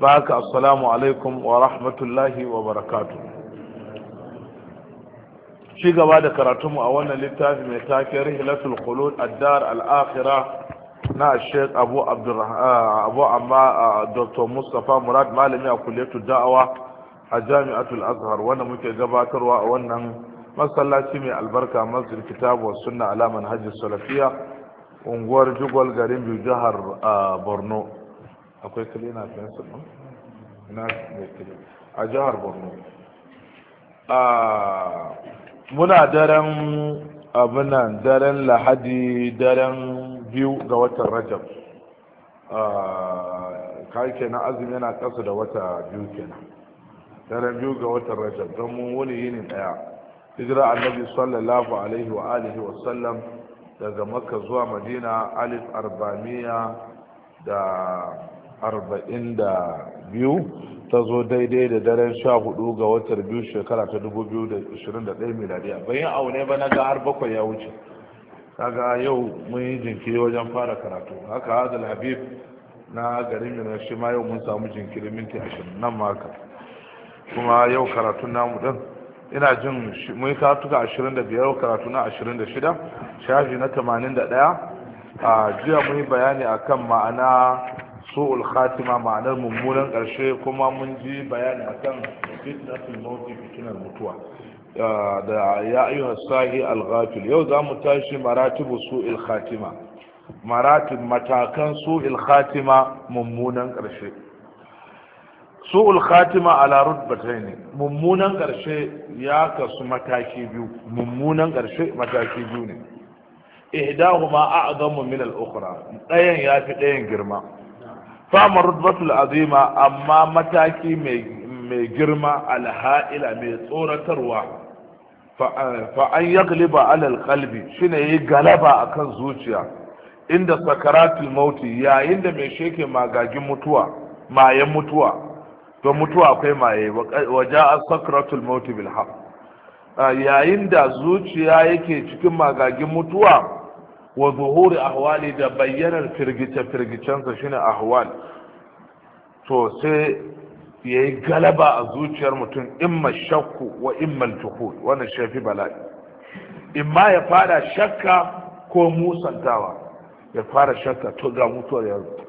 baka assalamu alaikum wa rahmatullahi wa barakatu shi gaba da karatunmu a wannan littafi mai take rihilatul khulud addar al-akhirah na Sheikh Abu Abu Amma Dr. Mustafa Murad malami a kulliyatu da'awa a Jami'atul Azhar wanda muke gabatarwa a wannan masallaci mai albarka masjid kitabu sunna ala manhajis salafiyya unguwar Jugwal garin Biyu Borno akwai kilina fensir ɗin na mai a jihar borno muna daren abinan daren lahadi daren biyu ga watan rajab kai na azumi yana ƙasa da wata biyu kenan daren biyu ga watan rajab don mun wani yini ɗaya hijira annabi sallallahu alaihi wa alihi wa sallam daga makka zuwa madina alif arba'amiya da arba'in da biyu ta zo daidai da daren sha hudu ga watar biyu shekara ta dubu biyu da ishirin da ɗaya miladiya bayan aune ba na ga har bakwai ya wuce kaga yau mun yi jinkiri wajen fara karatu haka hadal habib na garin minar shi ma yau mun samu jinkiri minti ashirin nan maka kuma yau karatun namu din ina jin mun yi karatuka ashirin da biyar karatu na ashirin da shida shafi na tamanin da ɗaya a jiya mun yi bayani akan ma'ana su'ul khatima ma'anar mummunan ƙarshe kuma mun ji bayani akan fitnatul mawti fitnar mutuwa da ya ayyuha sahi al-ghafil yau za mu tashi maratibu su'il khatima maratib matakan su'il khatima mummunan ƙarshe su'ul khatima ala ne, mummunan ƙarshe ya kasu mataki biyu mummunan ƙarshe mataki biyu ne ihdahuma a'zamu min al-ukhra dayan yafi dayan girma fama rutbatul azima amma mataki mai girma alha'ila mai tsoratarwa fa an galiba alal shi shine yi galaba akan zuciya inda sakaratul mauti yayin da mai sheke magagin mutuwa mayan mutuwa to mutuwa akwai maye waje a sakaratul mauti bil yayin da zuciya yake cikin magagin mutuwa wa zuhuri ahwali da bayyanar firgice-firgicensa shine ahwal to sai ya yi galaba a zuciyar mutum imma shakku wa imma juhud wannan shafi bala'i imma ya fara shakka ko musantawa ya fara shakka to ga mutuwar yanzu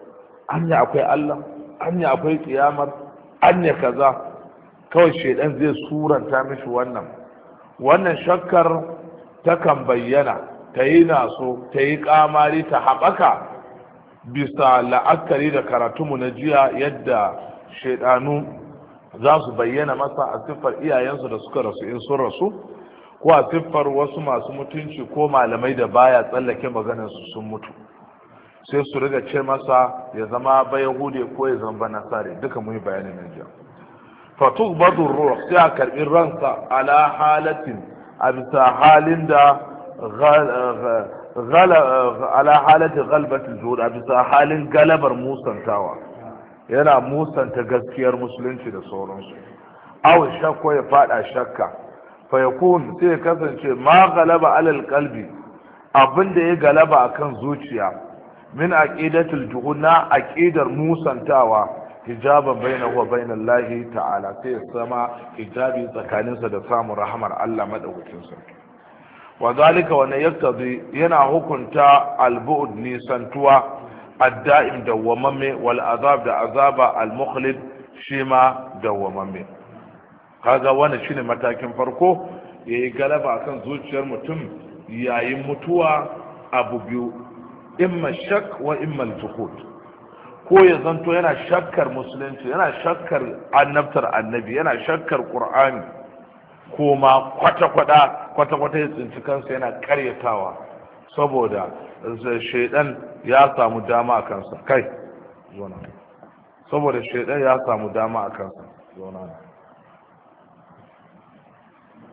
An anya akwai Allah an anya akwai kiyamar anya kaza kawai shedan zai suranta mishi wannan wannan shakkar ta kan bayyana ta yi naso ta yi kamari ta haɓaka bisa la'akari da karatunmu na jiya yadda shaidanu za su bayyana masa a siffar iyayensu da suka rasu in sun rasu ko a siffar wasu masu mutunci ko malamai da baya tsallake maganarsu sun mutu sai su riga ce masa ya zama bayan hude ko ya zama nasare duka muyi bayanin nan jiya fatuk badur ruh sai a karbi ransa ala halatin a bisa halin da ala halati galbatul zuhud a bisa halin galabar musantawa yana musanta gaskiyar musulunci da sauransu aw shakko ya fada shakka fayakun sai ya kasance ma galaba alal qalbi abinda ya galaba akan zuciya min aqidatul juhud na aqidar musantawa hijaban bainahu wa bainallahi ta'ala sai ya sama hijabi tsakaninsa da samun rahmar Allah madaukakin sarki wa zalika wannan yana hukunta al nisantuwa adda'im da wamame wal azab da azaba al-mukhlid shi ma dawwamamme kaga wani shine matakin farko yayi galaba akan zuciyar mutum yayin mutuwa abu biyu imma shak wa imma al ko ya zanto yana shakkar musulunci yana shakkar annabtar annabi yana shakkar ƙur'ani ko ma kwata-kwata kwata-kwata ya tsinci kansa yana karyatawa saboda shaidan ya samu dama a kansa kai zona saboda shaidan ya samu dama a kansa zona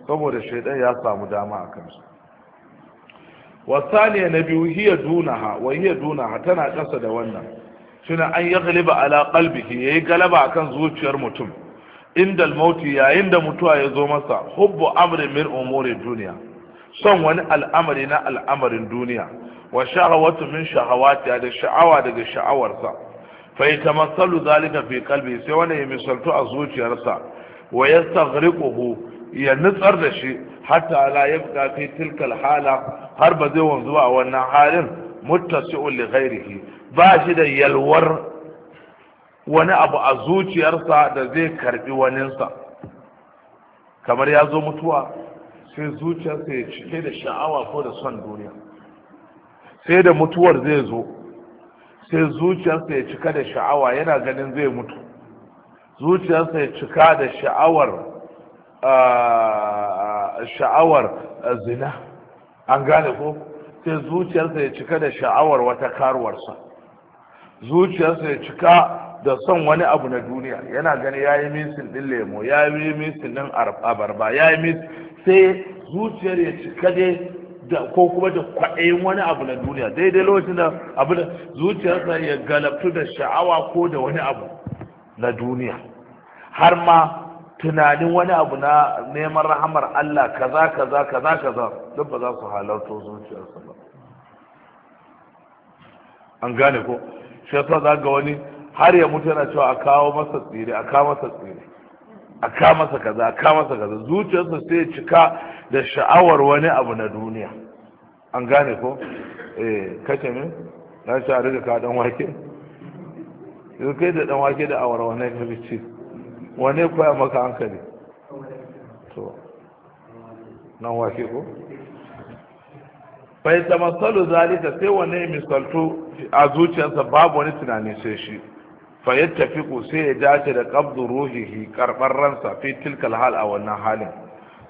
saboda shaidan ya samu dama a kansa wasaniya na biyu hiya dunaha wa hiya dunaha tana kasa da wannan shine an yi galiba ala qalbihi yayi galaba akan zuciyar mutum inda mauti yayin da mutuwa ya zo masa hubbu amrin min umuri duniya son wani al'amari na al'amarin duniya wa shahawatu min shahawati da sha'awa daga sha'awarsa fa yatamassalu zalika fi qalbi sai wani ya misaltu a zuciyarsa wa yastaghriquhu ya nutsar da shi hatta la yabqa fi tilka hala har ba zai wanzu a wannan halin muttasi'un li ghairihi ba shi da yalwar wani abu a zuciyarsa da zai karbi waninsa kamar ya zo mutuwa sai zuciyarsa ya cike da sha'awa ko da son duniya sai da mutuwar zai zo sai zuciyarsa ya cika da sha'awa yana ganin zai mutu zuciyarsa ya cika da sha'awar ah, sha'awar zina an gane ko sai zuciyarsa ya cika da sha'awar wata karuwarsa zuciyarsa ya cika da son wani abu na duniya yana gani ya yi misin ɗin lemo ya yi misin ɗin abarba ya yi misin sai zuciyar ya cika ne da ko kuma da kwaɗayin wani abu na duniya daidai lokacin da abu da zuciyarsa ya galabtu da sha'awa ko da wani abu na duniya har ma tunanin wani abu na neman rahamar Allah kaza kaza kaza kaza duk ba za su halarto zuciyarsa ba an gane ko shi yasa za ga wani har ya mutu yana cewa a kawo masa tsire a kawo masa tsire a kawo masa kaza a kawo masa kaza zuciyarsa sai ya cika da sha'awar wani abu na duniya an gane ko eh kace min na sha riga ka dan wake yanzu kai da dan wake da awar wani ka bi ci wani koya maka hankali to nan wake ko bai tamassalu zalika sai wani misaltu a zuciyarsa babu wani tunani sai shi fa sai ya dace da qabdu ruhihi karbar ransa fi tilkal hal a wannan halin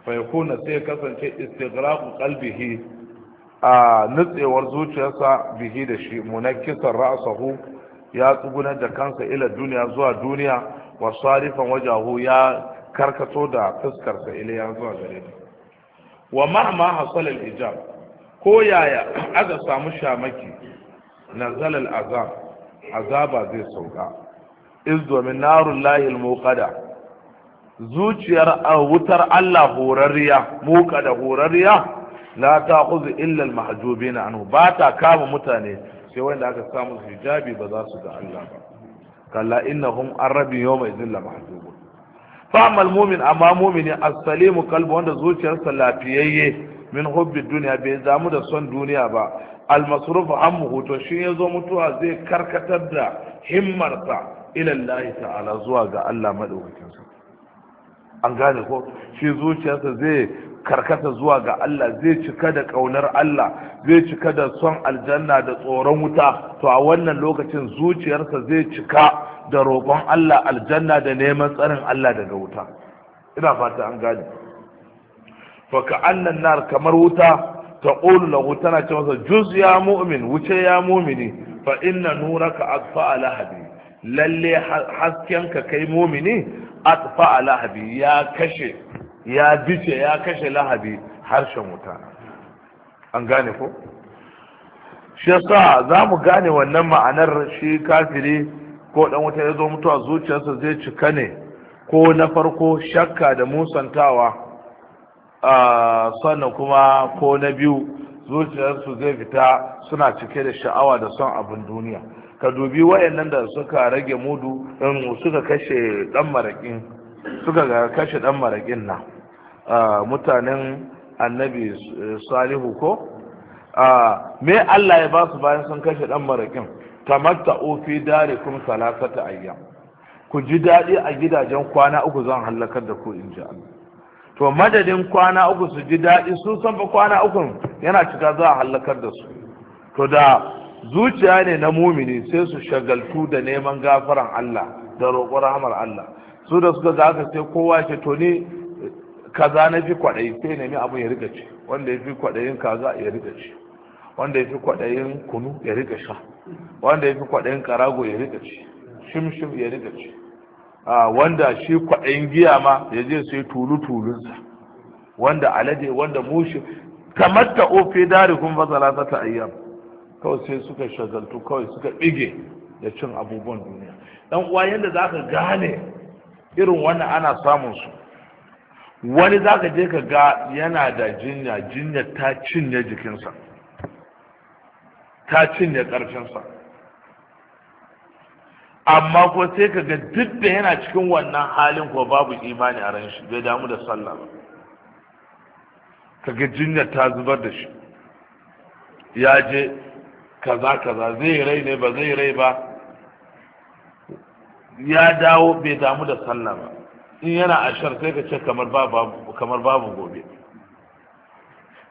fa yakuna sai kasance istighraqu qalbihi a nutsewar zuciyarsa bihi da shi munakkisan ra'sahu ya tsugunar da kansa ila duniya zuwa duniya wa sarifan wajahu ya karkato da fuskarsa ila ya zuwa gare wa mahma hasal al-ijab ko yaya aka samu shamaki nazal al-azab azaba zai sauka iz domin narun lahil muqada zuciyar ah, wutar Allah horarriya da horarriya la ta'khudhu illa al-mahjubina anhu ba ta kama mutane sai wanda aka samu hijabi ba za su ga Allah ba kalla innahum arabi yawma idhilla mahjubun fa amal mu'min amma mu'mini as-salimu wanda zuciyarsa lafiyayye min hubbi duniya bai zamu da son duniya ba al-masruf ammuhu to shi zo mutuwa zai karkatar da himmarsa ilallahi ta'ala zuwa ga Allah madaukakin an gane ko shi zuciyarsa zai karkata zuwa ga Allah zai cika da kaunar Allah zai cika da son aljanna da tsoron wuta to a wannan lokacin zuciyarsa zai cika da roƙon Allah aljanna da neman tsarin Allah daga wuta ina fata an gane fa ka nar kamar wuta تقول له jus ya mumin, wuce ya mumini Fa inna فإن نورك أطفأ لهبي lalle haskenka kai mumini atfa lahabi ya kashe ya bice ya kashe lahabi harshen wuta an gane ko shi yasa za mu gane wannan ma'anar shi kafiri ko dan wuta ya zo mutuwa zuciyarsa zai cika ne ko na farko shakka da musantawa sannan kuma ko na biyu zuciyarsu zai fita suna cike da sha'awa da son abin duniya ka dubi wayannan da suka rage mudu suka kashe dan marakin suka kashe dan marakin nan mutanen annabi salihu ko me Allah ya ba su bayan sun kashe dan marakin tamatta'u fi darikum salasata ayyam ku ji daɗi a gidajen kwana uku zan halakar da ku in ji to madadin kwana uku su ji daɗi su san fa kwana uku yana cika za a halakar da su to da zuciya ne na mumini sai su shagaltu da neman gafaran Allah da roƙon rahmar Allah su da suka za ka sai kowa ce to ne kaza na fi kwaɗayi sai nemi abin ya riga ci wanda ya fi kwaɗayin kaza ya riga ci wanda ya fi kwaɗayin kunu ya riga sha wanda ya fi kwaɗayin karago ya riga ci shimshim ya riga ci wanda shi kwaɗayin giya ma ya je sai tulu tulunsa wanda alade wanda mushi kamar ta ofe dari kun fasala ta ayyam kawai sai suka shagaltu kawai suka bige da cin abubuwan duniya dan uwa yadda za gane irin wannan ana samun su wani zaka je ka ga yana da jinya jinya ta cinye jikinsa ta cinye ƙarfinsa amma ko sai ka ga duk da yana cikin wannan halin ko babu imani a ran shi bai damu da sallah ba ka ga jinya ta zubar da shi ya je kaza kaza zai rai ne ba zai rai ba ya dawo bai damu da sallah ba in yana ashar sai ka ce kamar babu kamar babu gobe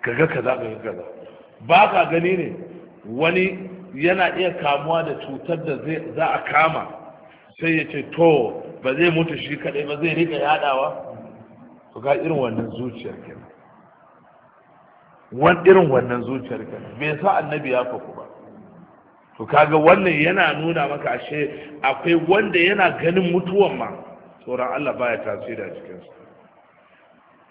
kaga kaza kaga kaza ba ka gani ne wani yana iya kamuwa da cutar da za a kama sai ya ce to ba zai mutu shi kadai ba zai rika yadawa to ga irin wannan zuciyar kenan wani irin wannan zuciyar kenan bai sa annabi ya faku ba to kaga wannan yana nuna maka ashe akwai wanda yana ganin mutuwan ma tsoron Allah baya tasiri a su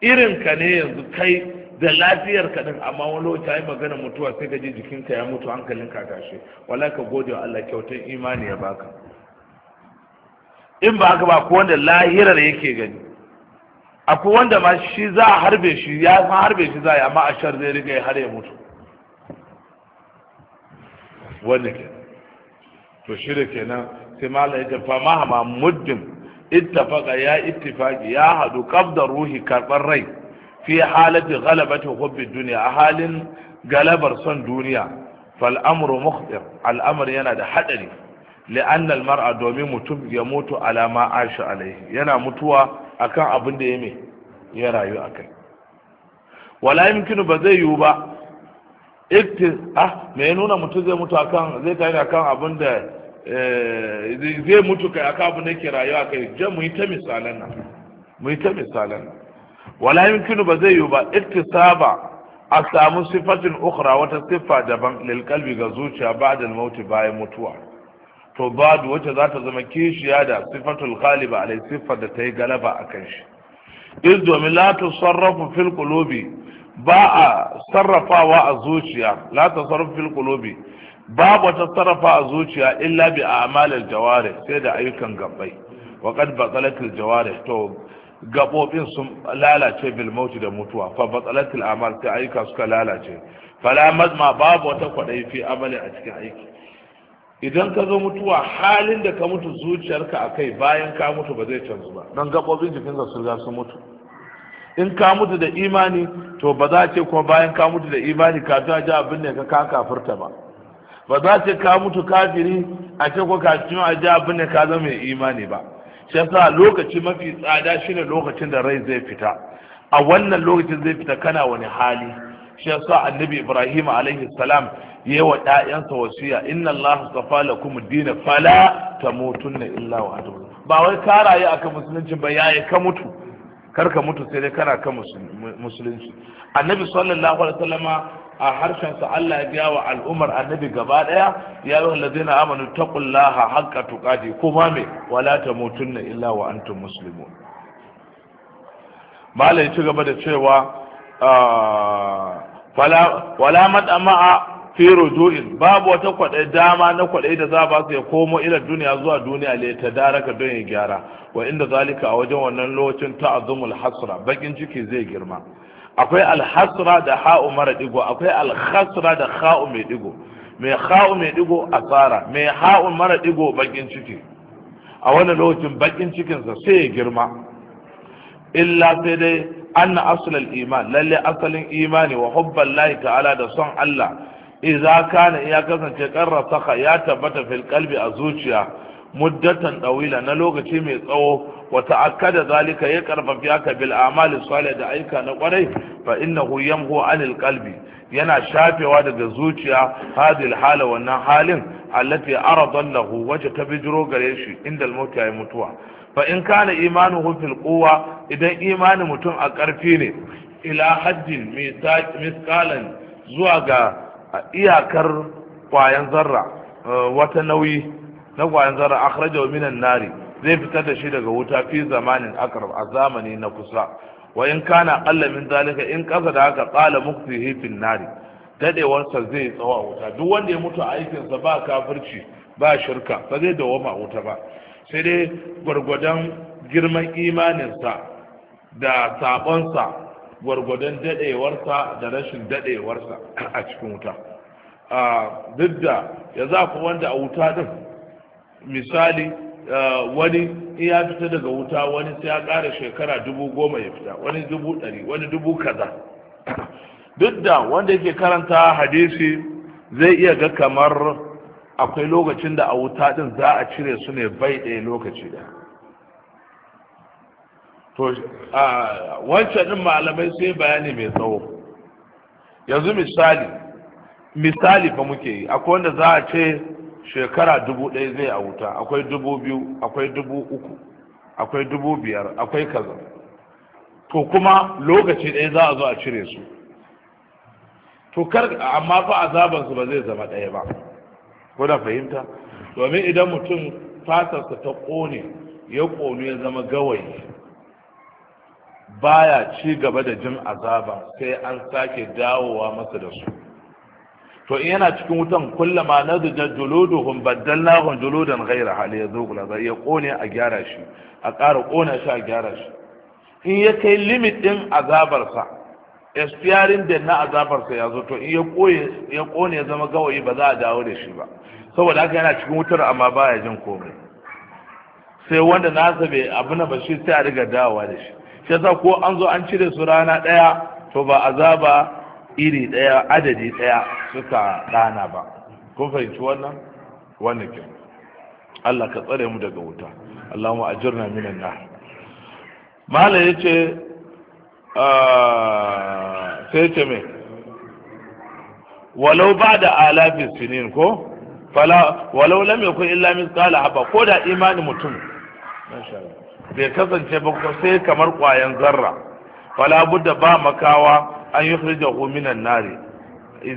irin ka ne yanzu kai da lafiyar ka din amma wani lokaci ai magana mutuwa sai ka ji jikinka ya mutu hankalin ka tashi wala ka gode wa Allah kyautar imani ya baka in ba haka ba ko wanda lahirar yake gani akwai wanda ma shi za a harbe shi ya ma harbe shi za a yi amma a shar zai riga har ya mutu wannan to shida kenan sai malam ya fa mahama muddin ittafaqa ya ittifaqi ya hadu qabda ruhi karɓar rai fi halati ghalabati hubbi dunya a halin galabar son duniya fal mukhtir al'amur yana da haɗari li'anna mara domin mutum ya mutu alama ma alaihi yana mutuwa akan abin da ya mai ya rayu akai wala yumkinu ba zai yiwu ba iktis ah me ya nuna mutum zai mutu akan zai tayi akan abin da eh, zai mutu kai akan abin da yake rayuwa kai je mu yi ta misalan nan mu yi ta misalan nan wala yumkinu ba zai yi ba iktisaba a samu sifatin ukhra wata siffa daban lil qalbi ga zuciya ba al maut bayan mutuwa to badu wacce za ta zama kishiya da sifatul ghaliba alai siffar da ta yi galaba akan shi iz domin la tusarrafu fil qulubi ba a sarrafawa a zuciya la tasarruf fil qulubi babu wata sarrafa a zuciya illa bi a'malil jawarih sai da ayyukan gabbai wa qad batalatil jawarih to gabobin sun lalace bil mauti da mutuwa fa batsalatil amal sai ayyuka suka lalace fala mazma babu wata kwadai fi amali a cikin aiki idan ka zo mutuwa halin da ka mutu zuciyarka akai bayan ka mutu ba zai canzu ba don gabobin jikinka sun riga sun mutu in ka mutu da imani to ba za ce kuma bayan ka mutu da imani ka ta ji abin da ka ka kafirta ba ba za ce ka mutu kafiri a ce ko ka ci a ji abin da ka zama mai imani ba shi yasa lokaci mafi tsada shine lokacin da rai zai fita a wannan lokacin zai fita kana wani hali shi yasa annabi ibrahim alaihi salam yayi wa ɗayansa wasiya inna allaha safa lakum dina fala tamutunna illa wa antum ba wai ka rayu akan musulunci ba yayi ka mutu karka mutu sai dai kana kan musulunci annabi sallallahu alaihi wasallama a harshen sa Allah ya biya wa al'ummar annabi gaba daya ya yi wallazina amanu taqullaha haqqa tuqati kuma me wala tamutunna illa wa antum muslimun malai ci gaba da cewa ah, wala mad'ama'a fi rujuin babu wata kwaɗai dama na kwaɗai da za ba su ya komo ila duniya zuwa duniya le ta daraka don ya gyara wa inda zalika a wajen wannan lokacin azumul hasra bakin ciki zai girma akwai alhasra da ha'u mara digo akwai alhasra da ha'u mai digo mai ha'u mai digo asara mai ha'u mara digo bakin ciki a wannan lokacin bakin cikinsa sai ya girma illa sai dai anna aslal iman lalle asalin imani wa hubballahi ta'ala da son Allah iza kana ya kasance qarra saka ya tabbata fil a zuciya muddatan dawila na lokaci mai tsawo wa ta'akkada zalika ya karfafi haka bil amali salih da aika na kwarai fa innahu yamhu anil kalbi yana shafewa daga zuciya hadil hala wannan halin allati aradan lahu wace ta bijiro gare shi inda al ya mutuwa fa in kana imanuhu fil quwwa idan imanin mutum a karfi ne ila haddin misqalan zuwa ga a iyakar kwayan zarra eh, wata nauyi na kwayan zarra akhrajahu minan nari zai fitar da shi daga wuta fi zamanin akrab a zamani na kusa wa in kana qalla min zalika in kasa da haka qala muktihi fin nari dadewarsa zai tsawa wuta duk wanda ya mutu a sa ba kafirci ba shirka ba zai dawoma wuta ba sai dai gwargwadon girman imaninsa da sa gwargwadon daɗewarsa da rashin daɗewarsa a cikin wuta duk da ya zafi wanda a wuta din misali wani ya fita daga wuta wani sai ya kara shekara dubu goma ya fita wani dubu ɗari wani dubu kaza duk da wanda yake karanta hadisi zai iya ga kamar akwai lokacin da a wuta din za a cire su ne bai ɗaya lokaci ɗaya to a wancan din malamai sai bayani mai tsawo yanzu misali misali fa muke yi akwai wanda za a ce shekara dubu ɗaya zai a wuta akwai dubu biyu akwai dubu uku akwai dubu biyar akwai kaza to kuma lokaci ɗaya za a zo a cire su to kar amma fa su ba zai zama ɗaya ba da fahimta domin idan mutum fatarsa ta ƙone ya ƙonu ya zama gawayi baya ci gaba da jin azaba sai an sake dawowa masa da su to in yana cikin wutan kullama nadja juluduhum baddalnahum juludan ghayra hali kula la ya kone a gyara shi a ƙara kona shi a gyara shi in ya kai limit din azabar sa expiring da na azabar sa yazo to in ya ya kone ya zama gawayi ba za a dawo da shi ba saboda haka yana cikin wutar amma baya jin komai sai wanda nasa bai abu na ba shi sai a riga dawowa da shi shi yasa ko an zo an cire su rana ɗaya to ba azaba iri ɗaya adadi ɗaya suka ɗana ba kun fahimci wannan wannan ke Allah ka tsare mu daga wuta Allah mu ajirna minan na mala ya ce ah, sai ce mai walau ba da alafis sinin ko walau lam yakun illa mithqala haba ko da imani mutum masha Allah bai kasance ba sai kamar kwayan zarra fala budda ba makawa an yi khrijahu minan nari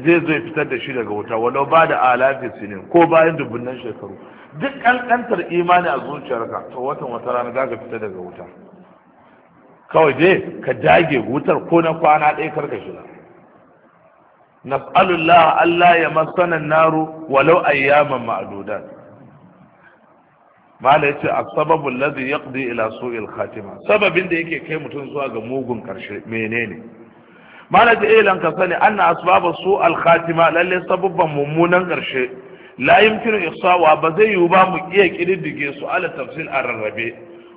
zai zo fitar da shi daga wuta walau ba da alafi sinin ko bayan dubunan shekaru duk ƙanƙantar imani a zuciyarka to watan wata rana za ka fita daga wuta kawai dai ka dage wutar ko na kwana ɗaya karka shiga nas'alullah Allah ya masana naru walau ayyaman ma'adudan mala yace a sababu alladhi yaqdi ila su'il khatima sababin da yake kai mutum zuwa ga mugun karshe menene mala ta ilan eh, ka sani anna asbaba su'al khatima lalle sababban mummunan karshe la yumkinu ihsawa ba zai yiwu ba mu iya kididdige su ala tafsil a rarrabe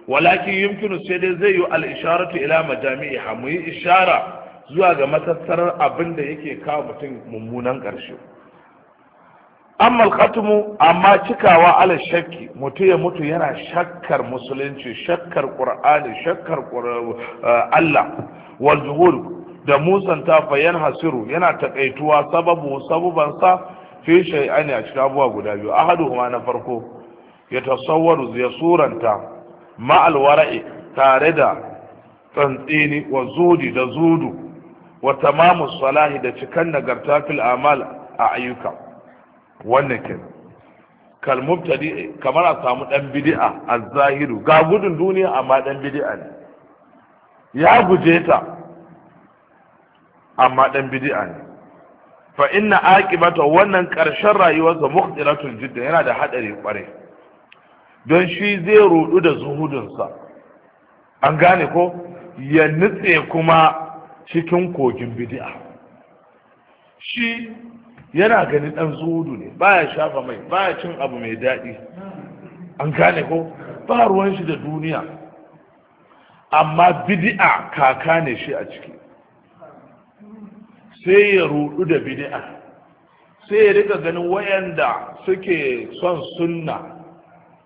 walakin yumkinu sai dai zai yiwu al-isharatu ila majami'iha mu yi ishara zuwa ga matattarar abin da yake kawo mutum mummunan karshe amma alkhatumu amma cikawa ala shakki mutu ya mutu yana shakkar musulunci shakkar qur'ani shakkar eh, Allah wal zuhur da musanta fa yan hasiru yana takaituwa sababu sababan sa fi shay'ani a cikin abubuwa guda biyu ahaduhuma na farko ya tasawwaru ya suranta ma alwara'i tare da tsantsini wa zudi da zudu wa tamamu salahi da cikan nagarta fil amal a ayyuka wannan ke kalmubtadi kamar a samu dan bid'a az-zahiru ga gudun duniya amma dan bid'a ne ya guje ta amma dan bid'a ne fa inna aqibata wannan karshen rayuwarsa mukhtilatul jidda yana da hadari kware don shi zai rudu da zuhudunsa an gane ko ya nutse kuma cikin kogin bid'a shi yana ganin dan zudu ne baya shafa mai baya cin abu mai daɗi an gane ko ba ruwan shi da duniya amma bid'a kaka ne shi a ciki sai ya rudu da bidi'a. sai ya rika ganin wayanda suke son sunna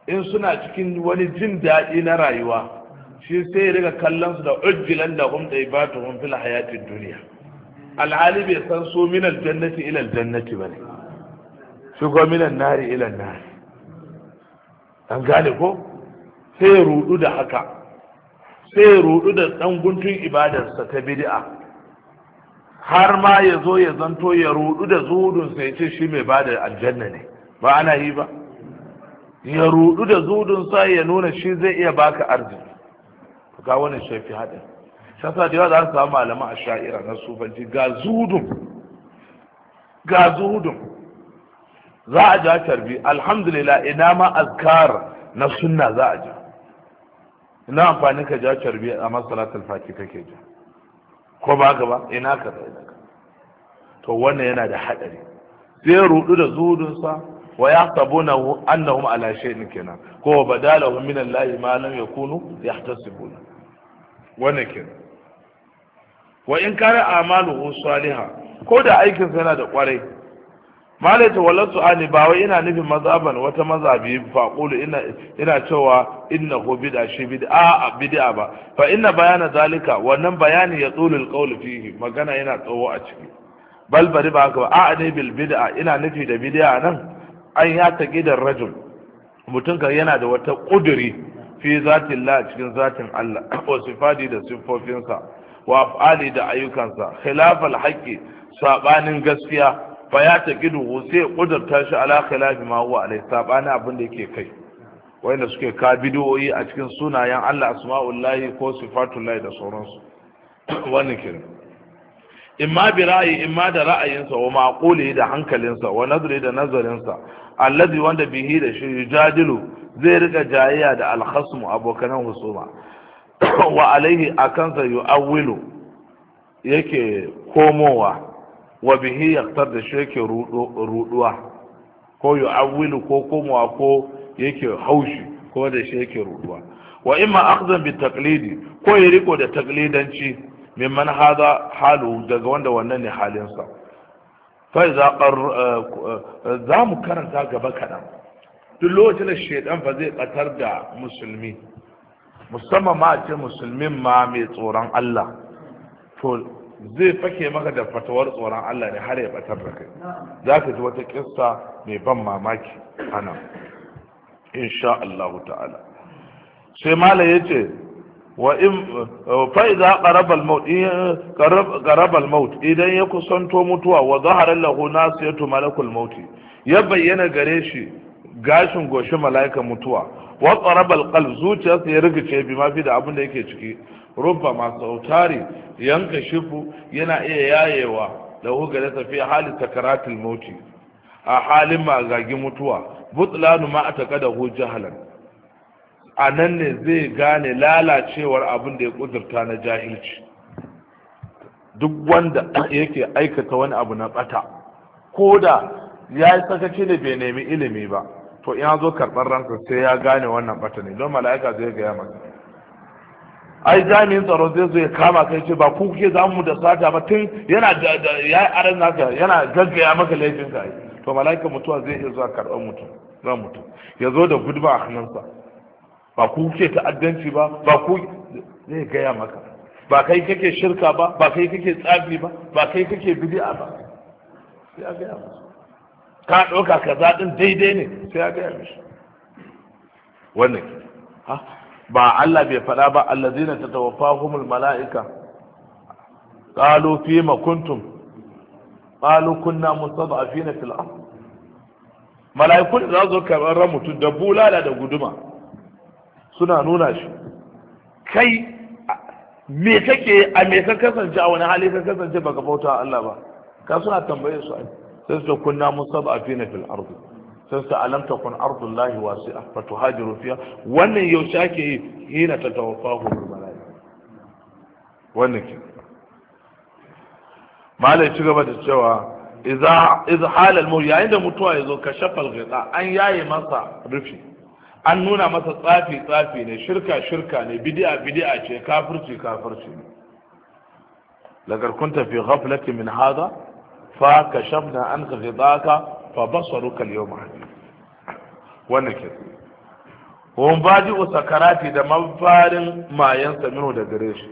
in suna cikin wani jin daɗi na rayuwa shi sai ya rika kallon su da ujjilan da hum da kuma fil hayatid duniya alhali bai san so min aljannati ila aljannati bane shigo min annari ila annari an gane ko sai rudu da haka sai rudu da dan guntun ibadarsa ta bid'a har ma ya zo ya zanto ya rudu da zuhudunsa ya ce shi mai bada aljanna ne ba ana yi ba ya rudu da sa ya nuna shi zai iya baka arziki ga wannan shafi haɗin shasa da yawa za su samu malama a sha'ira na sufanci ga zudun ga zudun za a ja tarbi alhamdulillah ina ma azkar na sunna za a ja ina amfani ka ja tarbi a masalatul fati kake ja ko ba gaba ina ka ina ka to wannan yana da hadari sai rudu da zudunsa wa ya sabo sabuna annahum ala shay'in kenan ko badalahum min allahi ma lam yakunu yahtasibuna wannan kenan wa in kana amaluhu saliha ko da aikin sa yana da kwarai malai wallatu ani ba wai ina nufin mazaban wata mazabi fa qulu ina ina cewa innahu bid'a shi bid'a bid'a ba fa inna bayana zalika wannan bayani ya tsulu alqawl fihi magana yana tsawo a ciki bal bari ba haka a ne bil bid'a ina nufi da bid'a nan an ya da rajul mutum ka yana da wata kuduri fi zatin Allah cikin zatin Allah wa sifati da sifofinsa wa da ayyukansa khilafal haqqi sabanin gaskiya fa ya gidu sai kudurta shi ala khilafi ma huwa alai sabani abin da yake kai wanda suke ka bidiyoyi a cikin sunayen Allah asma'ullahi ko sifatullahi da sauransu wannan kiran imma bi ra'ayi imma da ra'ayinsa wa maquli da hankalinsa wa nazari da nazarinsa allazi wanda bihi da shi yujadilu zai rika jayayya da alkhasmu abokan husuma wa alaihi a kansa yu'awwilu yake komowa wa bihi yaktar da shi yake ruduwa ko yu'awwilu ko komowa ko yake haushi ko da shi yake ruduwa wa imma akhdhan bi taqlidi ko ya riko da taqlidanci mimman hada halu daga wanda wannan ne halinsa fa eh, za mu karanta gaba kaɗan. duk lokacin da shaidan fa zai batar da musulmi musamman ma a ce musulmin ma mai tsoron Allah to zai fake maka da fatawar tsoron Allah ne har ya batar da kai za ka ji wata kissa mai ban mamaki ana insha Allah ta'ala sai mala ya ce wa in fa idza qaraba al maut qaraba al maut idan ya kusanto mutuwa wa zahara lahu nasiyatu malakul maut ya bayyana gare shi gashin goshi mala'ikan mutuwa wa qarabal qalb zuciyarsa ya rigice bi ma fi da abin da yake ciki rubba ma sautari yanka shifu yana iya yayewa da hugare ta fi hali sakaratul mauti a halin magagi mutuwa butlanu ma ataka da hu jahalan a nan ne zai gane lalacewar abin da ya kudurta na jahilci duk wanda yake aikata wani abu na bata ko da ya yi sakaci da bai nemi ilimi ba to in ya zo karɓar ranka sai ya gane wannan ɓata ne don mala'ika zai gaya maka ai jami'in tsaro zai zo ya kama kai ce ba ku kuke za mu da sata ba tun yana da ya yi aran naka yana gaggaya maka laifin ka to mala'ika mutuwa zai iya zuwa karɓar mutum zan mutum ya zo da gudba a hannunsa ba ku kuke ta'addanci ba ba ku zai gaya maka ba kai kake shirka ba ba kai kake tsafi ba ba kai kake bid'a ba sai gaya maka ka ɗauka kaza ɗin daidai ne sai ya gaya mishi wannan ba Allah bai faɗa ba Allah ta tawafa humul mala'ika qalu fima kuntum ƙalo kunna a fina ard mala'ikun za zo karɓar ran mutum da bulala da guduma suna nuna shi kai me kake a me ka kasance a wani hali ka kasance baka bauta Allah ba ka suna tambaye su ai sai su a fina fil ardu sai su alam takun ardullahi wasi'a fatuhajiru rufiya wannan yaushe ake yi hina tatawaffahu bil malaika wannan ke malai ci gaba da cewa idza halal mu yayin da mutuwa ya zo ka shafal ghida an yaye masa rufi an nuna masa tsafi tsafi ne shirka shirka ne bidi'a-bidi'a ce kafirci kafirci ne lagar kunta fi ghaflatin min hada fa an anka ka fa basaruka al-yawma wannan ke hum baji sakarati da mafarin mayan saminu da gare shi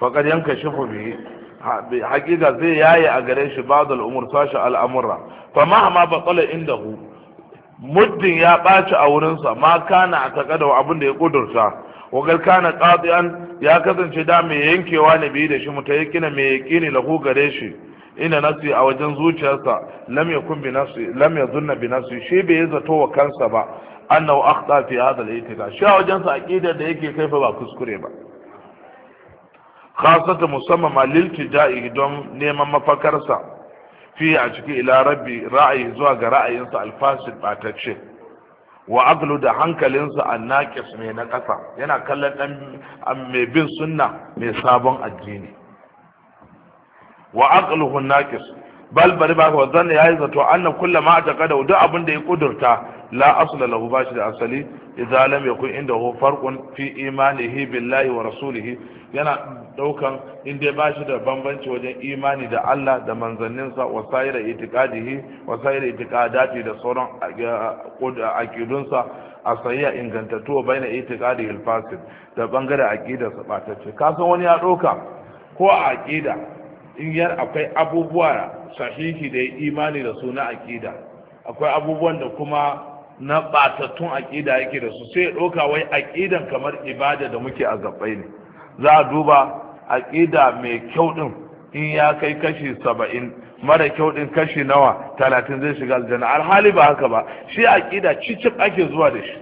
yanka yankashifu bihi haƙiƙa zai yaye a gare shi ba da al'umur sashi al'amura fa ma ma batsala inda hu muddin ya ɓaci a wurinsa ma kana a da abin da ya ƙudurta wagar kana an ya kasance da mai yankewa ne bi da shi mu ta yakina mai yakini lahu gare shi ina nasi a wajen zuciyarsa lam yakun bi nasu bi shi bai zato wa kansa ba annahu akhta fi hadha al-i'tiqad shi a wajen sa aqidar da yake kai fa ba kuskure ba khasata musamman ma lil tija'i don neman mafakarsa fi a cikin ila rabbi ra'ayi zuwa ga ra'ayinsa alfasid batacce wa aqlu da hankalinsa naqis mai na kasa yana kallon dan mai bin sunna mai sabon addini wa aqluhu naqis bal bari ba ko zanna yayi zato anna kullu ma ta kada duk abin da ya kudurta la asla lahu bashi da asali idza lam yakun indahu farqun fi imanihi billahi wa rasulihi yana daukan inda bashi da bambanci wajen imani da Allah da manzanninsa wa sayira itiqadihi wa sayira itiqadati da sauran aqidunsa a sayya ingantattu wa baina itiqadihi al-fasid da bangare aqidarsa batacce kasan wani ya doka ko a aqida in yar akwai abubuwa sahihi da ya imani da su na aƙida akwai abubuwan da kuma na batattun aƙida yake da su sai ya ɗauka wai aƙidan kamar ibada da muke a gabai ne za a duba aƙida mai kyau ɗin in ya kai kashi saba'in mara kyau ɗin kashi nawa talatin zai shiga aljanna alhali ba haka ba shi aƙida cicin ake zuwa da shi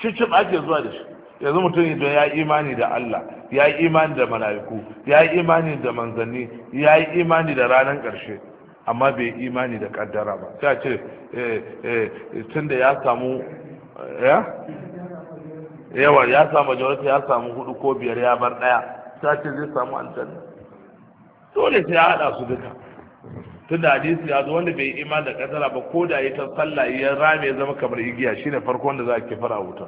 cicin ake zuwa da shi yanzu mutum idan ya yi imani da Allah ya yi imani da mala'iku ya yi imani da manzanni ya yi imani da ranar ƙarshe amma bai yi imani da kaddara ba sai ce eh, eh, tun da ya samu ya eh, yawa ya samu jawarta ya samu hudu ko biyar ya bar daya sai ce zai samu aljanna dole sai ya hada su duka tun da hadisi ya zo wanda bai yi imani da kaddara ba ko da yi ta sallah ya rame zama kamar igiya shine farkon da za a kifara wutar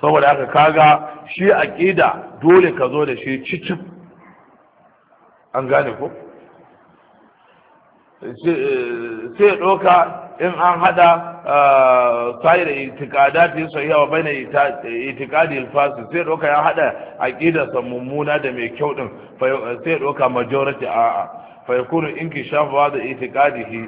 saboda aka kaga shi aƙida dole ka zo da shi cicif an gane ko sai doka in an hada ah, sayar itikada fi sahiha wa bayna itikadi alfasi sai doka ya hada aqida sa mummuna da mai kyau din sai doka majority a a fa yakunu inkishafu wa da itikadihi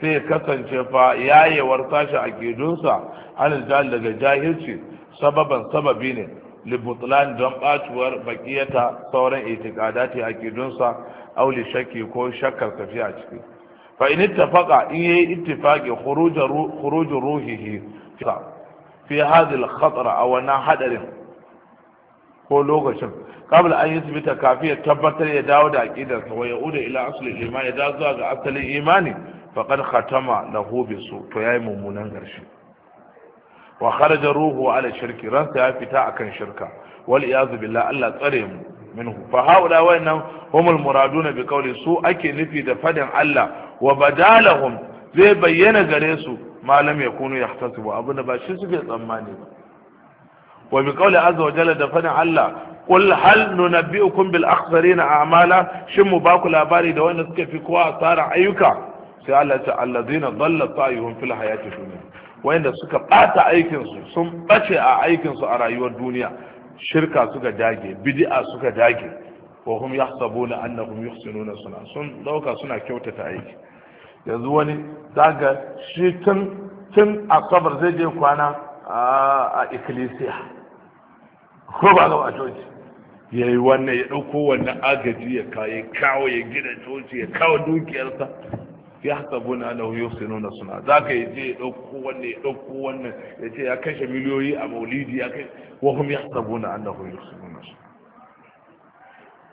sai kasance fa yayewar sashi aqidunsa an jahil daga jahilci sababan sababi ne libutlan don batuwar bakiyata sauran itikadati a kidunsa auli shakki ko shakkar tafiya a ciki fa in ittafaqa in yayi ittifaqi khuruj ruhihi fi hadhihi al khatra aw wannan hadarin ko lokacin kabla an yi sibita kafin ya tabbatar ya dawo da sa wa uda ila asli iman ya dawo zuwa ga asalin imani faqad khatama lahu bisu to yayi mummunan garshi wa kharaja ruhu ala shirki ransa ya fita akan shirka wal iyazu billah Allah tsare mu minhu fa haula wayannan humul muraduna bi qawli su ake nufi da fadin Allah wa badalahum zai bayyana gare su malam yakunu yahtasibu abinda ba shi suke tsammani ba wa bi qawli azza wa jalla da fadin Allah qul hal nunabbiukum bil akhsarina a'mala shin mu ba ku labari da wanda suka fi kowa asara ayyuka sai Allah ta allazina dhalla sa'yuhum fil hayati dunya wayanda suka bata aikinsu sun bace a aikinsu a rayuwar duniya shirka suka dage bid'a suka dage wa hum yahsabuna annahum yuhsinuna suna sun dauka suna kyautata aiki yanzu wani daga shi tun tun asabar zai je kwana a ikkilisiya ko ba ga a coci ya yi wannan ya ɗauko wannan agaji ya kawo ya kawo ya gina coci ya kawo dukiyarsa yahsabuna lahu yusinuna suna zaka ka ya dauko wannan ya dauko wannan yace ya kashe miliyoyi a maulidi ya kai wa hum yahsabuna annahu yusinuna suna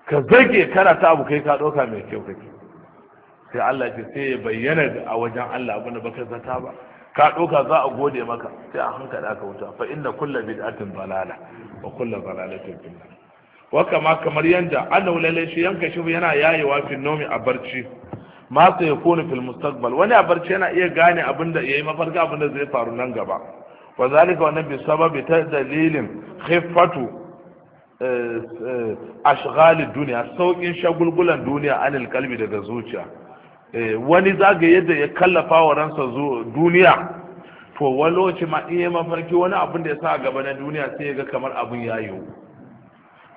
ka zage kana ta abu kai ka dauka mai kyau kake sai Allah ce sai ya bayyana a wajen Allah abin da baka zata ba ka dauka za a gode maka sai a hankala ka wuta fa inna kullu bid'atin dalala wa kullu dalalatin fi nar wa kama kamar yanda annahu lalle shi yanka shi yana yayewa fi nomi a barci ma su ya kone fil mustaqbal wani a barci yana iya gane abin da yayi mafarka abin da zai faru nan gaba wa zalika wa nabi sababi ta dalilin khiffatu eh, eh, ashghalid duniya saukin shagulgulan duniya anil kalbi daga zuciya eh, wani zaga yadda ya kallafa wa ransa duniya to wani lokaci ma yi mafarki wani abin da ya sa gaba na duniya sai ya ga kamar abin ya yiwu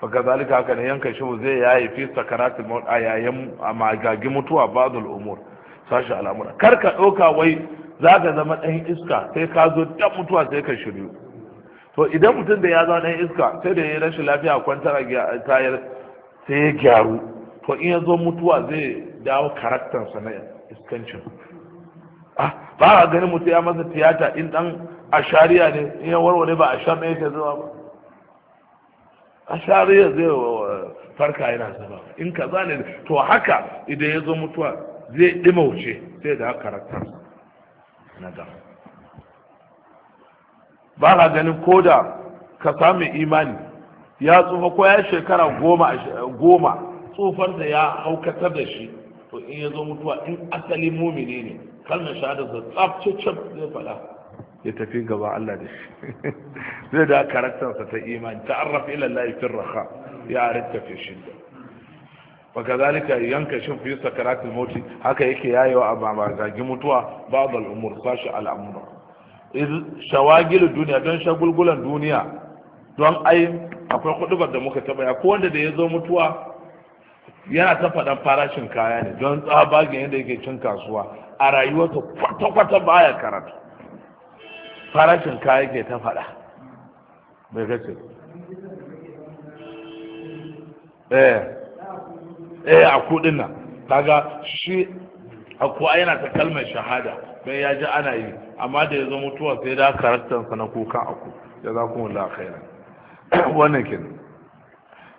baka zalika haka ne yanka shi zai yayi fi sakaratul maut a yayin a magagi mutuwa ba'dul umur sashi al'amura kar ka ɗauka wai za ka zama ɗan iska sai ka zo dan mutuwa sai ka shiryu to idan mutum da ya zama dan iska sai da ya yi rashin lafiya a kwantar a tayar sai ya gyaru to in ya zo mutuwa zai dawo karaktansa na iskancin ah ba a ganin mutum ya masa tiyata in ɗan ashariya ne in ya warware ba a shar ne yake zuwa ba a ya zai farka yana zama in ka zane to haka idan ya zo mutuwa zai ɗima wuce sai da karaktar na ga ba ka ganin ko da ka sami imani ya tsufa ko ya shekara goma da ya haukatar da shi to in ya zo mutuwa in asali mumini ne kalmar shahada da tsaf zai faɗa ya tafi gaba Allah da shi zai da karaktarsa ta imani ta'arraf ila Allah fi raha ya arifta fi shidda wa yanka shi fi sakaratul maut haka yake yayewa a babagagi mutuwa babu al-umur sashi al iz shawagil duniya don shagulgulan duniya don ai akwai kudubar da muka taba ya ko wanda da yazo mutuwa yana ta faɗan farashin kaya ne don tsabagen yadda yake cin kasuwa a rayuwarsa kwata-kwata baya karatu farashin kaya ke ta faɗa mai kace eh eh a kudin nan kaga shi akwai yana ta kalmar shahada bai ya ji ana yi amma da ya zo mutuwa sai da karatarsa na kuka aku ya za kuma la khairan wannan kenan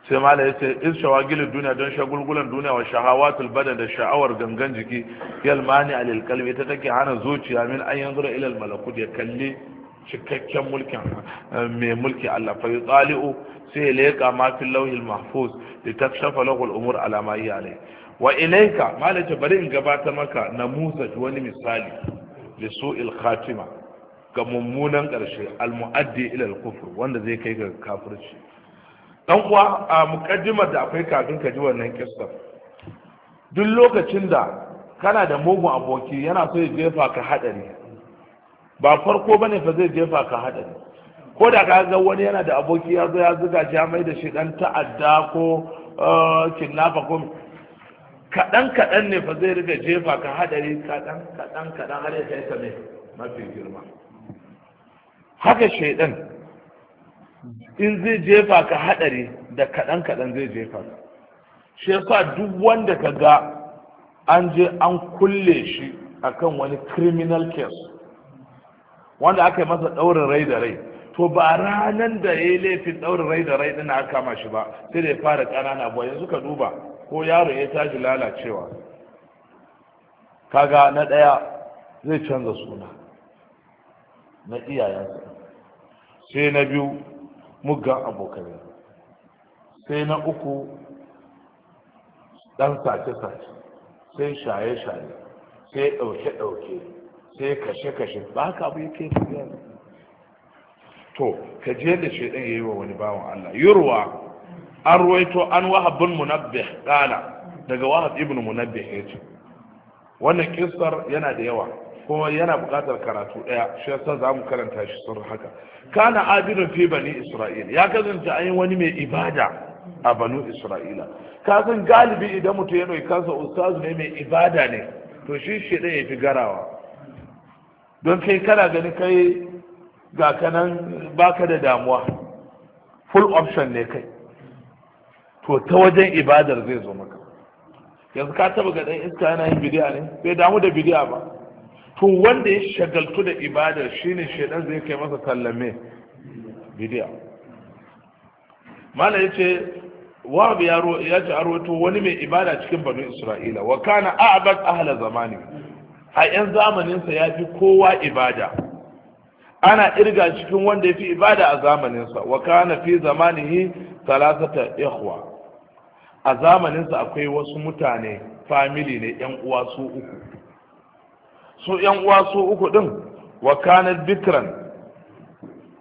sai mala ya ce is shawagilin duniya don shagulgulan duniya wa shahawatul da sha'awar gangan jiki yalmani alil kalbi ta take hana zuciya min an da ilal malakut ya kalli cikakken mulkin mai mulki Allah fa yutali'u sai ya leka ma fil lawhil mahfuz li takshafa lahu al umur ala ma hiya wa ilayka mala ce bari in gabata maka namusa wani misali li su'il khatima ga mummunan karshe al muaddi ila al kufr wanda zai kai ga kafirci dan kuwa a mukaddimar da akwai kafin ka ji wannan kissa duk lokacin da kana da mugun aboki yana so ya jefa ka hadari ba farko bane fa zai jefa ka hadari ko da ka ga wani yana da aboki ya zo ya zuga shi mai da shi dan ta'adda ko eh, kinnafa ko kaɗan kaɗan ne fa zai riga jefa ka hadari kaɗan kaɗan kaɗan har ya kai ka mai mafi girma haka shaidan in zai jefa ka haɗari da kaɗan kaɗan zai jefa ka shi yasa duk wanda ka ga an je an kulle shi akan wani criminal case wanda aka yi masa ɗaurin rai da rai to ba ranan da ya yi laifin ɗaurin rai da rai ɗin aka kama shi ba sai da ya fara ƙanana ba yanzu ka duba ko yaro ya tashi lalacewa kaga na ɗaya zai canza suna na iyayensa sai na biyu muggan abokanai sai na uku dan sace-sace sai shaye-shaye sai ɗauke-ɗauke sai kashe-kashe ba ka abu yake tafiya to ka je da ɗan yayi wa wani bawan Allah yurwa an ruwaito an wahab bin munabbih qala daga wahab ibn munabbih yace wannan kissar yana da yawa ko yana buƙatar karatu ɗaya shi yasa za mu karanta shi sun haka kana abinu fi bani isra'ila ya kasance an yi wani mai ibada a banu isra'ila kasan galibi idan mutum ya ɗauki kansa ustazu ne mai ibada ne to shi shi ɗaya ya fi garawa don kai kana gani kai ga kanan baka da damuwa full option ne kai to ta wajen ibadar zai zo maka yanzu ka taba ga ɗan iska yana yin bidiya ne bai damu da bidiya ba to wanda ya shagaltu da ibada shine shaidan zai kai masa kallame bidiya mala yace wa yaro ya ji wani mai ibada cikin banu isra'ila wa kana a'bad ahla zamani a yan zamanin sa yafi kowa ibada ana irga cikin wanda yafi ibada a zamanin sa wa kana fi zamanihi thalathata ikhwa a zamanin sa akwai wasu mutane family ne yan uwa su uku su yan uwa su uku din wa kanat bikran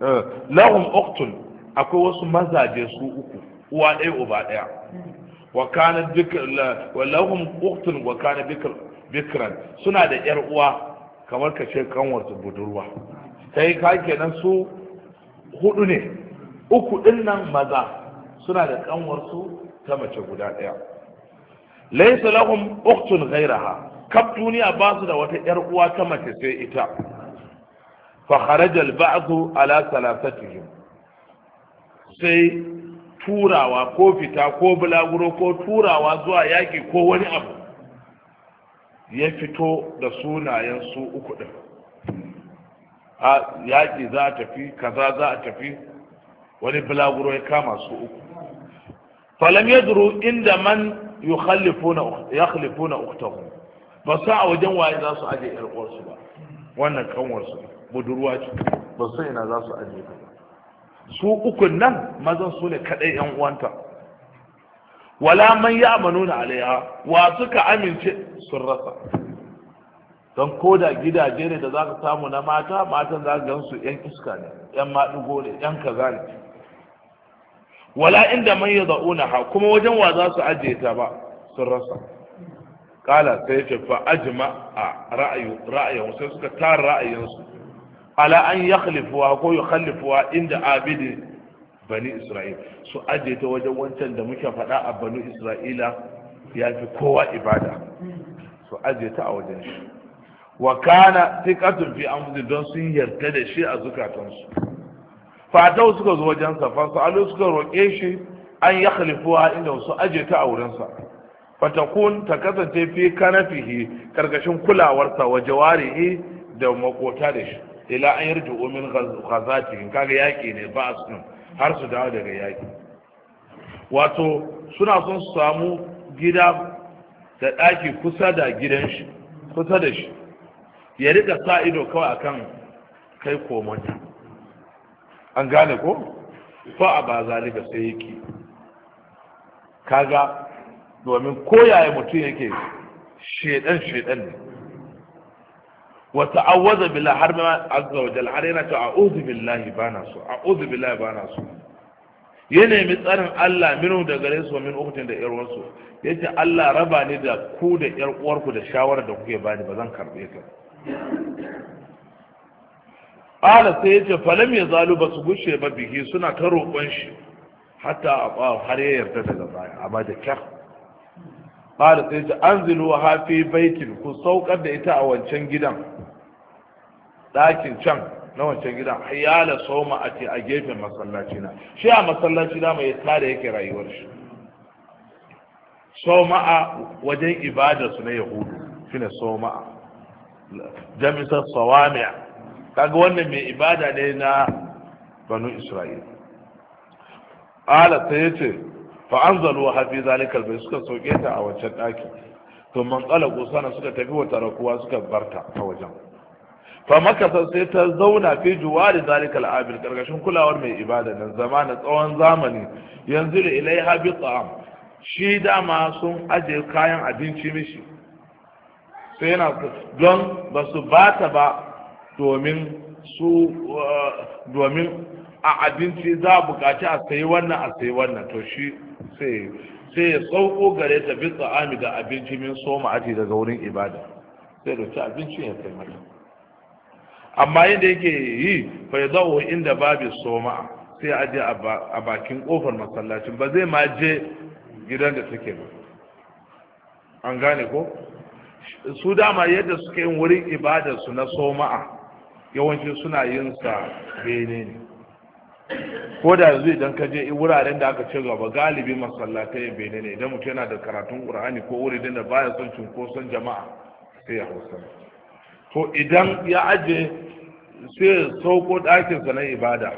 eh, lahum uqtun akwai wasu mazaje su uku uwa ɗaya uba ɗaya wa kanat wa lahum uqtun wa kanat bikran suna da yar uwa kamar ka ce kanwar budurwa sai ka kenan su hudu ne uku din nan maza suna da kanwar su ta mace guda ɗaya laysa lahum uqtun ghayraha kaf duniya ba su da wata yar uwa ta mace sai ita fa kharaja al ba'du ala salasatihim sai turawa ko fita ko bulaguro ko turawa zuwa yaki ko wani abu ya fito da sunayen su uku din a yaki za a tafi kaza za a tafi wani bulaguro ya kama su uku falam yadru inda man yukhallifuna yakhlifuna ukhtahum ba sa a wajen waye za su aje yar uwarsu ba wannan kanwarsu budurwa ce ba su ina za su aje ta su ukun nan mazan su ne kadai yan uwanta wala man na alaiha wa suka amince sun rasa don ko da gidaje ne da za ka samu na mata matan za ka gan su yan iska ne yan maɗigo ne yan kaza ne wala inda man ya za'una ha kuma wajen wa za su ajiye ta ba sun rasa kala sai ce fa ajma a ra'ayu ra'ayu sai suka tara ra'ayinsu ala an yakhlifuwa ko yukhlifuwa inda abidi bani isra'il su aje ta wajen wancan da muke faɗa a bani isra'ila ya fi kowa ibada su aje ta a wajen shi wa kana thiqatun fi anfusihim don sun yarda da shi a zukatansu fatau suka zo wajen sa fa su suka roƙe shi an yakhlifuwa inda su aje ta a wurin sa fatakun ta kasance fi kanafihi karkashin kulawarsa wa jawarihi da makota da shi ila an yarda umin gazati kaga yaki ne ba su har su dawo daga yaki wato suna son su samu gida da ɗaki kusa da gidan shi kusa da shi ya rika sa ido kawai akan kai komai. an gane ko fa a ba zalika sai yake kaga domin koyaya mutum yake shedan shedan ne wa ta'awwaza billah har ma azza wa jalla har yana ta a'udhu billahi bana so a'udhu billahi bana so ya nemi tsarin Allah minu da gare su min ukutin da ƴar wasu yace Allah raba ni da ku da ƴar ku da shawara da kuke bani ba zan karbe ka Ala sai yace falam ya zalu ba su gushe ba bihi suna ta roƙon shi hatta a har ya yarda daga baya amma da kyar qala sai ta anzilu ha hafi baikin, ku saukar da ita a wancan gidan ɗakin can na wancan gidan hayala soma a ce a gefen masallaci na shi a masallaci na mai tare yake rayuwar shi soma'a wajen ibadarsu na yahudu shine soma'a jamisar sawami'a kaga wannan mai ibada ne na banu isra'ila ala ta yace fa anzalu hafi zalikal bai suka soke ta a wancan daki to man qalaku sana suka tafi wata rakuwa suka barta a wajen fa makasa sai ta zauna fi juwari zalikal abin karkashin kulawar mai ibada zama na tsawon zamani yanzu da ha bi ta'am shi dama sun aje kayan abinci mishi sai yana don ba su bata ba domin su domin a abinci za a bukaci a sayi wannan a sayi wannan to shi sai ya sauko gare ta bi tsa'ami da abinci min soma ati daga wurin ibada sai da ci abincin ya kai mata amma yadda yake yi fa zawo inda babu soma sai a je a bakin kofar masallacin ba zai ma je gidan da take ba an gane ko su dama yadda suke yin wurin su na soma'a yawanci suna yin sa bene ne ko da yanzu idan ka je wuraren da aka ce gaba galibi masallatai ya bene ne idan mutum yana da karatun qur'ani ko wuri da baya son cunkoson jama'a sai ya hausa to idan ya aje sai sauko ɗakin na ibada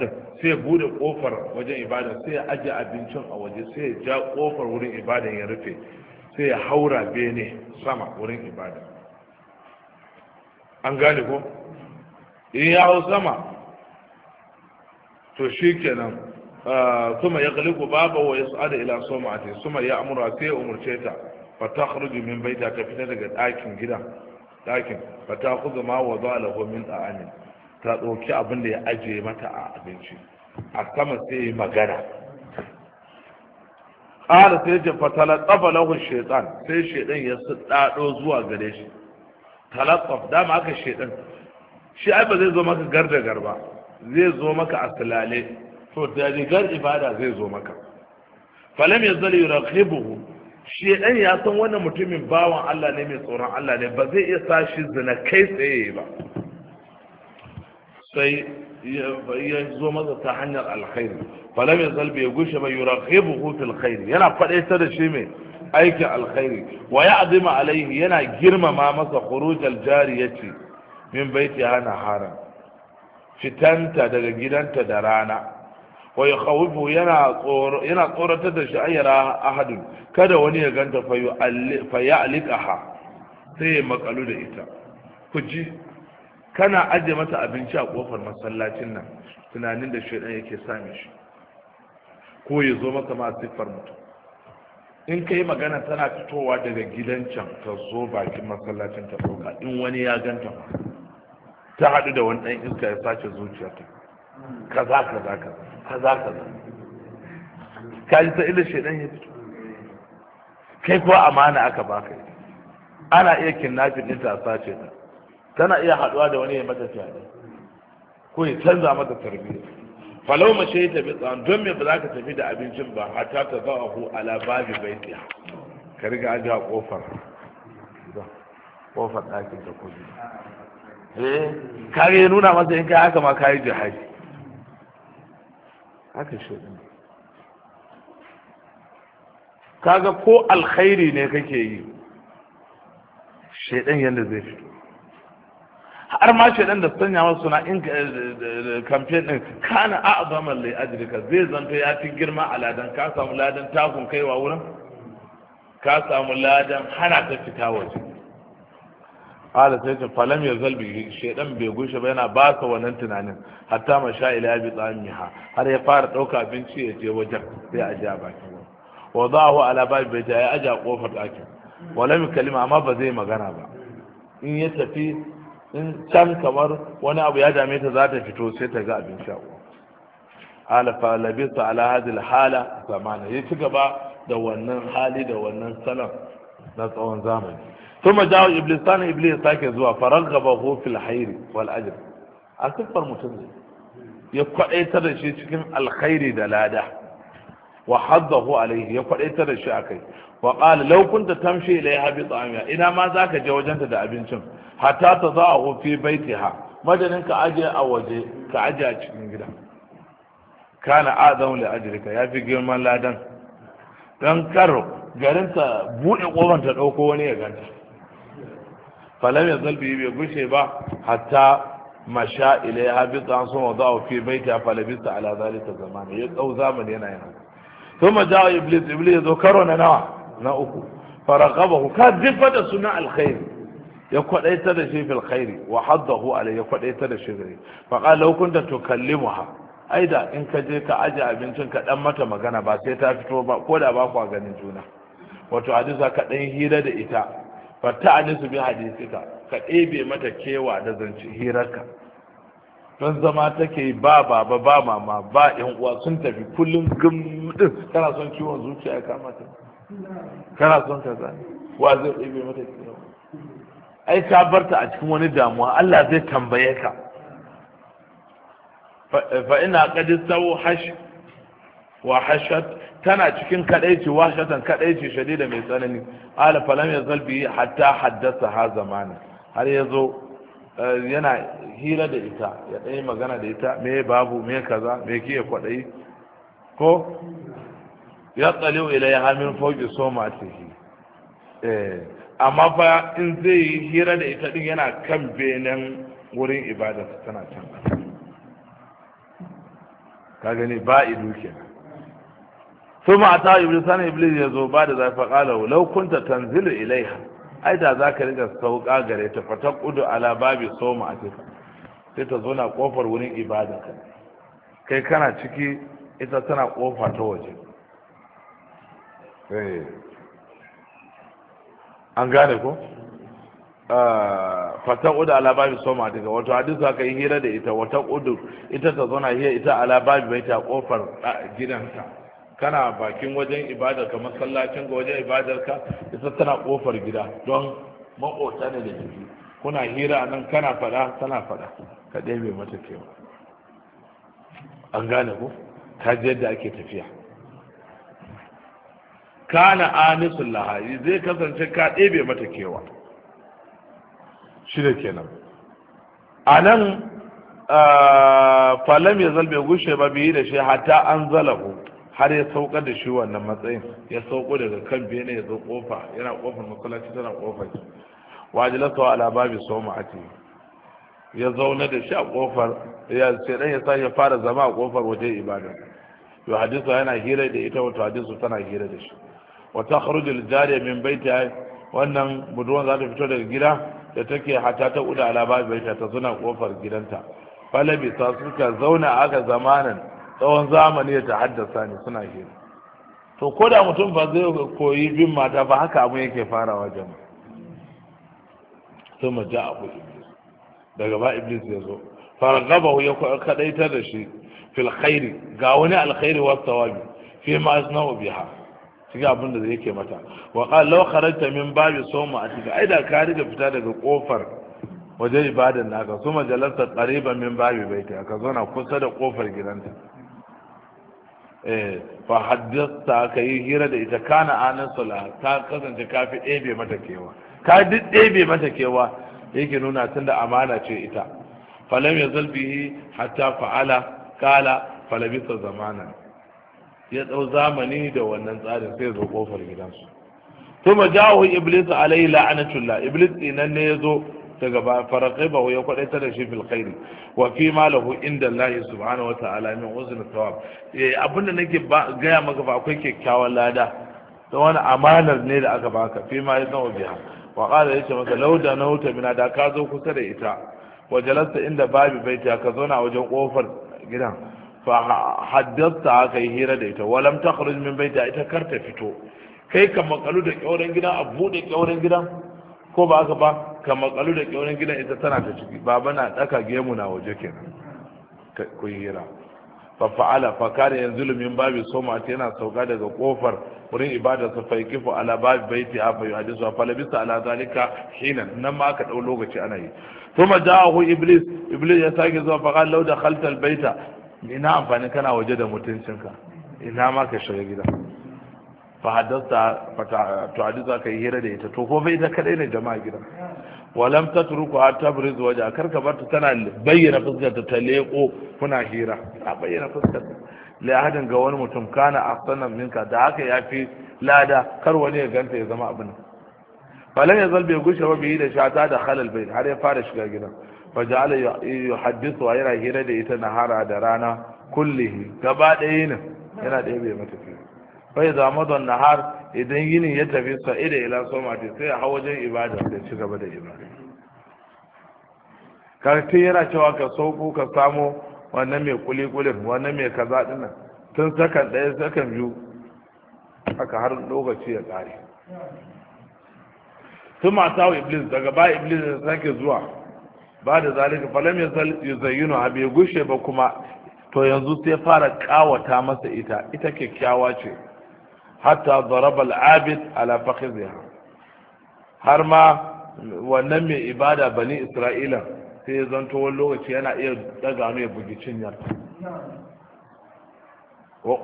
eh, sai bude kofar wajen ibada sai ya aje abincin a waje sai ya ja kofar wurin ibada ya rufe sai ya haura bene sama wurin ibada an gane ko in ya hau sama to shi kenan kuma ya galiku baba wa ya sa'ada ila soma ta suma ya amura sai umurce ta fa ta kharuju min baita ta fita daga ɗakin gidan dakin fa ta kuzu ma wa za min ta'amin ta ɗauki abin da ya ajiye mata a abinci a sama sai magana ƙara sai ce fa talatsafa lahu shaitan sai shaitan ya su ɗaɗo zuwa gare shi talatsaf dama aka shaitan shi ai ba zai zo maka gar da gar ba zai zo maka a to da rigar ibada zai zo maka falam ya zali yuraqibuhu shi dan ya san wannan mutumin bawan Allah ne mai tsoron Allah ne ba zai iya sa sashi zina kai tsaye ba sai ya zo masa ta hanyar alkhairi falam ya zalbi ya gushe ba yuraqibuhu fil khair yana ta da shi mai aikin alkhairi wa ya azima alaihi yana girmama masa khurujal jariyati min baiti hana haram fitanta daga gidanta da rana wa ya khawifu yana tsoratar da shi ayyara ahadun kada wani ya ganta fa ya alikaha sai ya makalu da ita ku ji kana aje mata abinci a kofar masallacin nan tunanin da shaidan yake sami shi ko ya zo maka ma siffar mutum in ka yi magana tana fitowa daga gidan can ka zo bakin masallacin ta in wani ya ganta ma ta haɗu da wani ɗan iska ya sace zuciyarta ta ka za ka za, ka za za. ka ji ta ila shaidan ya fito kai kuwa amana aka baka ana iya kidnapping ɗinta a sace ta tana iya haɗuwa da wani ya mata fyaɗe ko ya canza mata tarbiyya falau shi ya tafi tsawon don me ba za ka tafi da abincin ba a ta za a ko ala babi baitiya ka riga a kofar kofar ɗakin ta kuzi Eh, kare nuna masa in kai haka ma kayi jihadi haka shi ne. kaga ko alkhairi ne kake yi shaidan yadda zai fito har ma shaidan da sanya masu suna in eh, eh, campaign din kana a azamar lai zai zanto ya fi girma a ladan ka samu ladan takun kaiwa wurin ka samu ladan hana ta fita waje qala sai ce falam yazal bi shaydan bai gushe ba yana ba ka wannan tunanin hatta ma sha ila bi tsamiha har ya fara dauka abinci ya je wajen sai a ja baki wa ala babi bai ja ya aja kofar daki walam kalima amma ba zai magana ba in ya tafi in can kamar wani abu ya dame ta za ta fito sai ta ga abin sha ala fa labisa ala hadhihi hala zamana ya ci gaba da wannan hali da wannan salon na tsawon zamani ثم جاء إبليسان إبليس ساكي زوا فرغبه في الخير والأجر أكبر متنزل يقعيت رشي شكين الخير دلادة وحضه عليه يقعيت رشي أكي وقال لو كنت تمشي إليها بطعمها إذا ما ذاك جوجنت دا أبنشم حتى تضعه في بيتها مدن كأجي أوجي كأجي أشكين جدا كان آدم لأجرك يا في جرمان لادن don kar garinta buɗe ƙofar ta ɗauko wani ya ganta falam ya zalbi bai gushe ba hatta masha ilai habita an soma za a fi baiti a falabista ala zalika zamani ya tsau zamani yana yana sun ma iblis iblis ya zo karo na nawa na uku faraqabahu ka jiffa da suna alkhairi ya kwadaita da shi fil khairi wa haddahu alai ya kwadaita da shi gare fa qala kunta tukallimuha aida in ka je ka aje abincin ka dan mata magana ba sai ta fito ba ko da ba ku ganin juna wato hadisa ka dan hira da ita fata nisu bi hadisika ka ɗebe mata kewa da zance hirarka don zama take ba baba ba mama ba yan uwa sun tafi kullum gumdin kana son ciwon zuciya ya kama ta kana son kaza wa zai ɗebe mata kewa ai ka barta a cikin wani damuwa Allah zai tambaye ka fa ina qad hash wa hashat tana cikin kadaici wahshatan kadaici shadida mai tsanani ala falam ya zalbi hatta haddasa ha zamani har ya zo yana hira da ita ya ɗaya magana da ita me babu me kaza me kiye kwaɗayi ko ya tsaliu ila ya hamin fauki so matihi amma fa in zai yi hira da ita din yana kan benen wurin ibadarsa tana can ka gani ba idu kenan sun mata ibn sani iblis ya zo ba da zafi kala lau kunta tanzilu ilaiha za ka riga sauka gare ta fata kudu soma a tefa sai ta zona kofar wurin ibada ka kai kana ciki ita tana kofa ta waje kofar gidanta kana bakin wajen ibadar ka masallacin ga wajen ibadar ka isa tana kofar gida don makota ne da jiki kuna hira nan kana fada tana fada ka ɗebe mata kewa an gane ku ka je yadda ake tafiya kana anisul laha zai kasance ka ɗebe mata kewa shi da kenan a nan ah, falam ya zalbe gushe ba biyi da shi hatta an zalahu har ya sauka da shi wannan matsayin ya sauko daga kan bene ya zo kofa yana kofar masallaci tana kofar wa ala babi soma'ati ya zauna da shi a kofar ya sai ya sai ya fara zama a kofar waje ibada yo hadisu yana hira da ita wato hadisu tana hira da shi wa takhruju al-jariya min baitiha wannan budurwan za ta fito daga gida da take hata ta uda ala babi baita ta zuna kofar gidanta falabi sa suka zauna aka zamanan tsawon zamani ya tahaddasa ne suna hira to ko da mutum ba zai koyi bin mata ba haka abin yake farawa jama'a mu ja abu iblis daga ba iblis ya zo fargaba ya kadaita da shi fil khairi ga wani alkhairi wa tawabi fi ma asna'u biha shiga abin da yake mata wa qala law kharajta min babi soma a ai aida ka riga fita daga kofar waje ibadan naka suma jalasta qariban min babi baita ka zauna kusa da kofar gidanta Eh, fahaddis ta ka yi hira da ita kana anan sula ta kasance ka fi ɗebe mata kewa ka duk ɗebe mata kewa yake nuna tun da amana ce ita falam ya zalbihi hatta fa'ala kala falabisa zamana ya ɗau zamani da wannan tsarin sai zo kofar gidansu kuma jawo iblis alai la'anatullah iblis dinan ne ya zo daga ba faraqiba ya kwadaita da shi fil khairi wa fi ma inda Allah subhanahu ta'ala min uzn thawab eh abinda nake gaya maka ba akwai kyakkyawan lada da wani amanar ne da aka baka fi ma yadda biha wa yace maka lauda nauta bina da ka zo kusa da ita wa jalasta inda babi baita ka zauna wajen kofar gidan fa haddasta ka yi hira da ita walam takhruj min baita ita kar ta fito kai ka makalu da kyauren gidan a buɗe kyauren gidan ko ba haka ba ka makalu da kyaunin gidan ita tana ta ciki baba na daka gemu na waje kenan ku hira fa fa'ala fa kare yanzu lumin babi soma ta yana sauka daga kofar wurin ibada sa fa yakifu ala babu baiti a fayu hadisu fa labisa ala zalika hinan nan ma aka dau lokaci ana yi kuma da'ahu iblis iblis ya sake zuwa fa da law dakhalta baita ina amfani kana waje da mutuncinka ina ma ka shiga gidan. fahadasta tuwadisa ka yi hira da ita to ko bai ta kadai ne jama'a gidan walam ta turku a tabriz waje a karka bar ta tana bayyana fuskar ta ta leko kuna hira a bayyana fuskar ta lahadin ga wani mutum kana ahsanan minka da haka ya fi lada kar wani ya ganta ya zama abin falan ya zalbe gushe wa bi da shata da halal bai har ya fara shiga gidan fa ja'ala yuhaddisu yana hira da ita nahara da rana kullihi gaba ɗaya ne yana ɗaya bai mata fai zamadon nahar idan yini ya tafi sa'ida ila somati sai a wajen ibada sai ci gaba da ibada karfi yana cewa ka sauko ka samo wannan mai kulikulin wannan mai kaza dinnan tun sakan ɗaya sakan biyu haka har lokaci ya ƙare tun mata wa iblis daga ba iblis ya sake zuwa ba da zalika falam ya zayyano a bai gushe ba kuma to yanzu sai fara kawata masa ita ita kyakkyawa ce hatta daraba abid ala har ma wannan mai ibada bani isra'ila sai zanto wani lokaci yana iya daga hannu ya bugi cinyar wa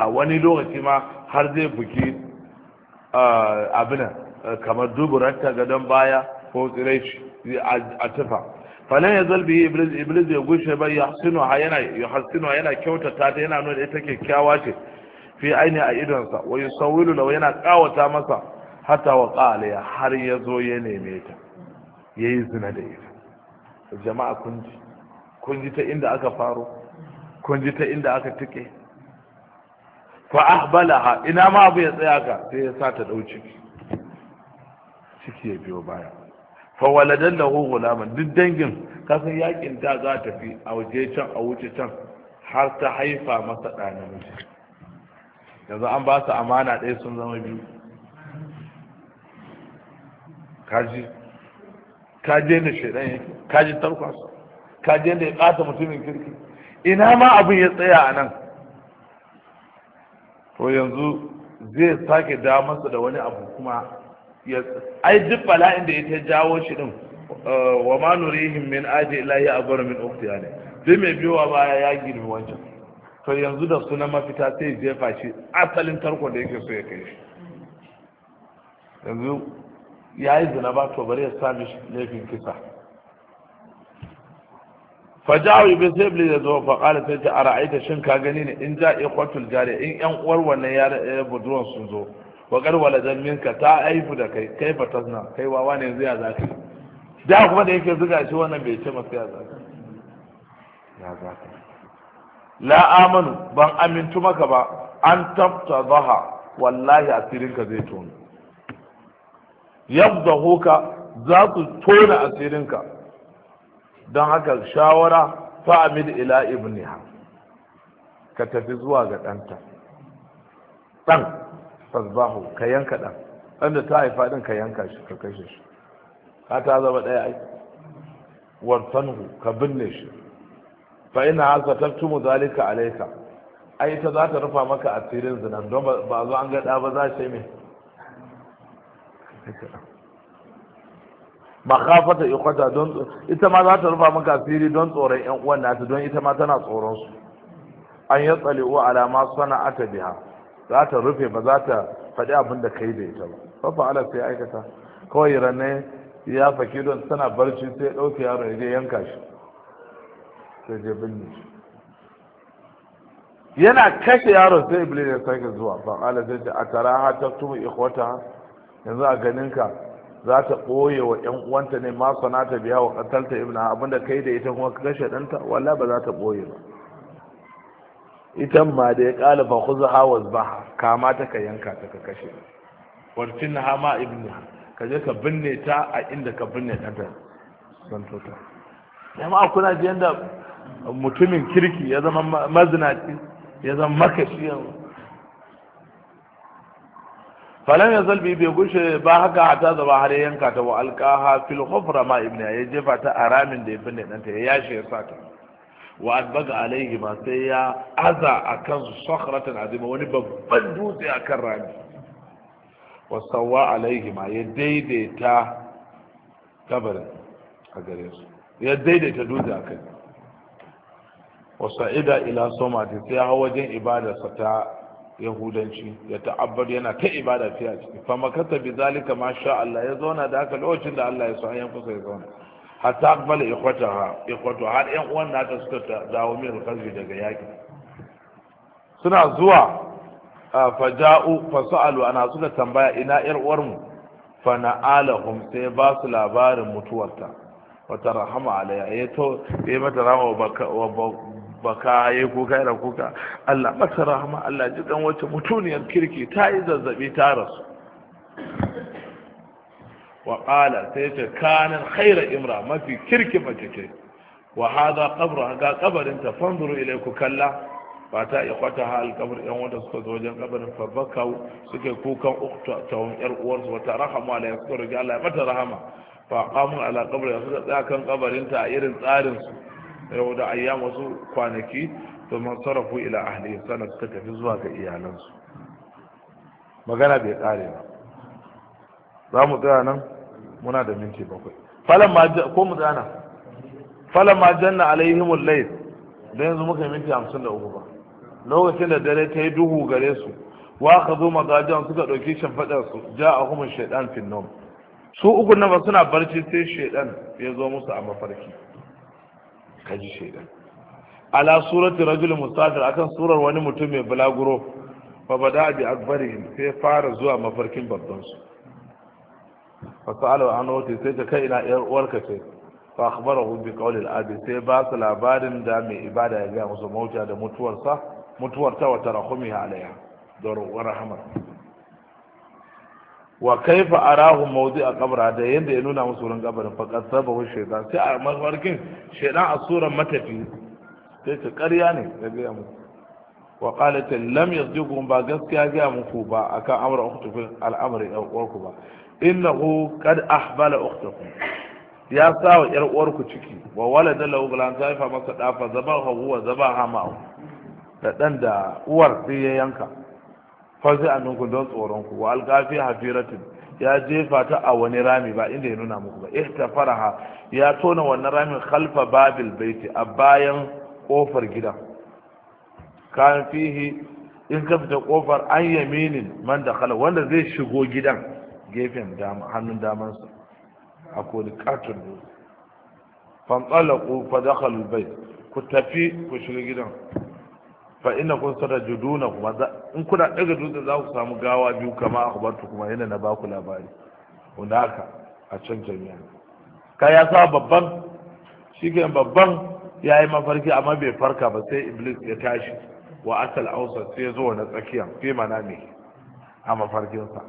a wani lokaci ma har zai bugi abinan kamar duburanta don baya ko tsiraici a tufa falan ya zalbi iblis iblis ya gushe bai ya hasinu yana kyautata ta yana nuna ita kyakkyawa ce fi aini a idonsa wa yusawwilu lahu yana kawata masa hatta wa qala har ya zo ya neme ta yayi zina da ita jama'a kun ji kun ji ta inda aka faro kun ji ta inda aka tike fa ahbalaha ina ma abu ya tsaya ka sai ya sa ta dau ciki ciki ya biyo baya fa waladan lahu gulaman duk dangin kasan yakin da za ta fi a waje can a wuce can har ta haifa masa ɗa namiji yanzu an ba su amana ɗaya sun zama biyu kaji kaji yadda shaidan yake kaji tarkonsa kaji yadda ya ƙata mutumin kirki ina ma abin ya tsaya a nan to yanzu zai sake damarsa da wani abu kuma ai duk bala'in da ya ta jawo shi din eh, wa ma nurihim min aji ilahi abar min uktiya ne Sai mai biyowa baya ya girmi wancan to yanzu da sunan mafita sai jefa shi asalin tarko da yake so ya kai shi yanzu ya yi zina ba to bari ya sami shi laifin kisa fajawi bin sai iblis ya zo fa kala sai ta ara'aita shin ka gani ne in ja iqwatul jari in yan uwar wannan ya eh, budurwan sun zo wa qad waladan minka ta aifu da kai kai fa tasna kai wawa ne yanzu ya zaka da kuma da yake zuga shi wannan bai ce masa ya zaka ya zaka la amanu ban amintu maka ba an tabta zaha wallahi asirinka zai tona yabda huka za su tona asirinka don haka shawara fa'amid ila ibniha ka tafi zuwa ga ɗanta ɗan fasbahu ka yanka ɗan ɗan da ta haifa ɗin ka yanka shi ka kashe shi ka ta zama ɗaya ai wartanhu ka binne shi fa ina hasa mu zalika alaika ai ita za ta rufa maka asirin zinan don ba zo an gada ba za ce mai makafata ikwata don ita ma za ta rufa maka asiri don tsoron yan uwan nata don ita ma tana tsoron su an yi tsale uwa alama aka biya za ta rufe ba za ta faɗi abin da kai da ita ba fafa ala sai aikata kawai ranne ya faki don tana barci sai ɗauke yaro ya yanka shi sai je binne shi yana kashe yaron sai iblis ya sake zuwa ban ala zai ce a tara ha ta tumu ikhwata yanzu a ganinka za ta ɓoye wa ƴan uwanta ne ma sana ta biya wa ƙatalta ibna abinda kai da ita kuma kashe ɗanta walla ba za ta ɓoye ba itan ma da ya ƙala fa kuzu hawas ba kama ta ka yanka ta ka kashe warcin na hama ibna ka je ka binne ta a inda ka binne ɗanta don tota jama'a kuna ji yanda mutumin kirki ya zama mazinaci ya zama makashi falon ya zalbi bai gushe ba haka hata zaba har ya yanka ta wa alkaha fil khufra ma ibn ya jefa ta aramin da ya binne ɗanta ya yashe ya sa ta wa adbaga alaihi ma sai ya aza akan sakhratan azima wani babban dutse akan rami wa sawwa alaihi ma ya daidaita kabarin a gare su ya daidaita dutse akan wasa'ida ila ta sai hawa wajen ibadarsa ta yahudanci ya ta'abbar yana ta ibada fiye ciki fa makata bi zalika ma sha Allah ya zauna da haka lokacin da Allah ya so an kusa ya zauna hatta akbala ikhwataha ikwato har yan uwan ta suka dawo min kalbi daga yaki suna zuwa fa sa'alu ana suka tambaya ina yar uwar mu fa na'alahum sai ba su labarin mutuwarta wata rahama alayya ya to ya mata rama wa baka ya yi kuka yana kuka Allah masa rahama Allah ji dan wacce mutuniyar kirki ta yi zazzabi ta rasu wa qala sai ce kanin khaira imra mafi kirki mace ce wa hadha kabar ga kabarin ta fanzuru ku kalla ba ta kwata ha alkabar yan wanda suka zo wajen kabarin farbakau suke kukan ukta ta wani yar uwarsu wata rahama ala suka rage Allah ya mata rahama fa kamun ala ya suka tsaya kan kabarin ta a irin tsarin yau da ayya wasu kwanaki to man sarrafu ila ahli sana suka tafi zuwa ga iyalansu magana bai kare ba za mu tsaya nan muna da minti bakwai falan ma ko mu tsaya nan falan ma janna alaihimul layl dan yanzu muka yi minti uku ba lokacin da dare ta yi duhu gare su wa ka zo magajan suka ɗauki shafaɗar su ja a kuma shaidan finnom su uku nan ba suna barci sai shaidan ya zo musu a mafarki kaji shaidan ala surati rajul mustafir akan surar wani mutum mai bulaguro fa bada bi akbarihim sai fara zuwa mafarkin babban su fa sa'alu an wata sai ta kai ina yar uwarka ce fa akhbarahu bi qawli al abi sai ba su labarin da mai ibada ya ga musu mauta da mutuwarsa mutuwar ta wa tarahumiha alaiha da rahmar wa kaifa arahu mawdi a kabra da yadda ya nuna musu wurin kabarin fa kasaba wa shaytan sai a mafarkin shaytan a suran matafi sai ta ƙarya ne ya ga mu wa qalat lam yasdiqu ba gaskiya ga muku ba akan amra ukhtukum al'amarin da uwarku ba innahu qad ahbala ukhtukum ya sa wa yar uwarku ciki wa walada lahu bala ta fa masa dafa zabahu wa zabaha ma'u da dan da uwar sai ya yanka fazi a nuku don ku wa alkafi hafiratin ya jefa ta a wani rami ba inda ya nuna muku ba Faraha ya tona wannan ramin khalfa babil baiti a bayan kofar gida kan fihi in ka fita kofar an yaminin man da khala wanda zai shigo gidan gefen hannun damansa a koli katon ne fa dakhalu bai ku tafi ku shiga gidan fa inna kun sada juduna kuma in kuna daga dutse za ku samu gawa biyu kama a akhbartu kuma yana na baku labari unaka a can jami'a ka ya sa babban ke babban ya yi mafarki amma bai farka ba sai iblis ya tashi wa asal ausa sai ya zo na tsakiya fi mana ne a mafarkinsa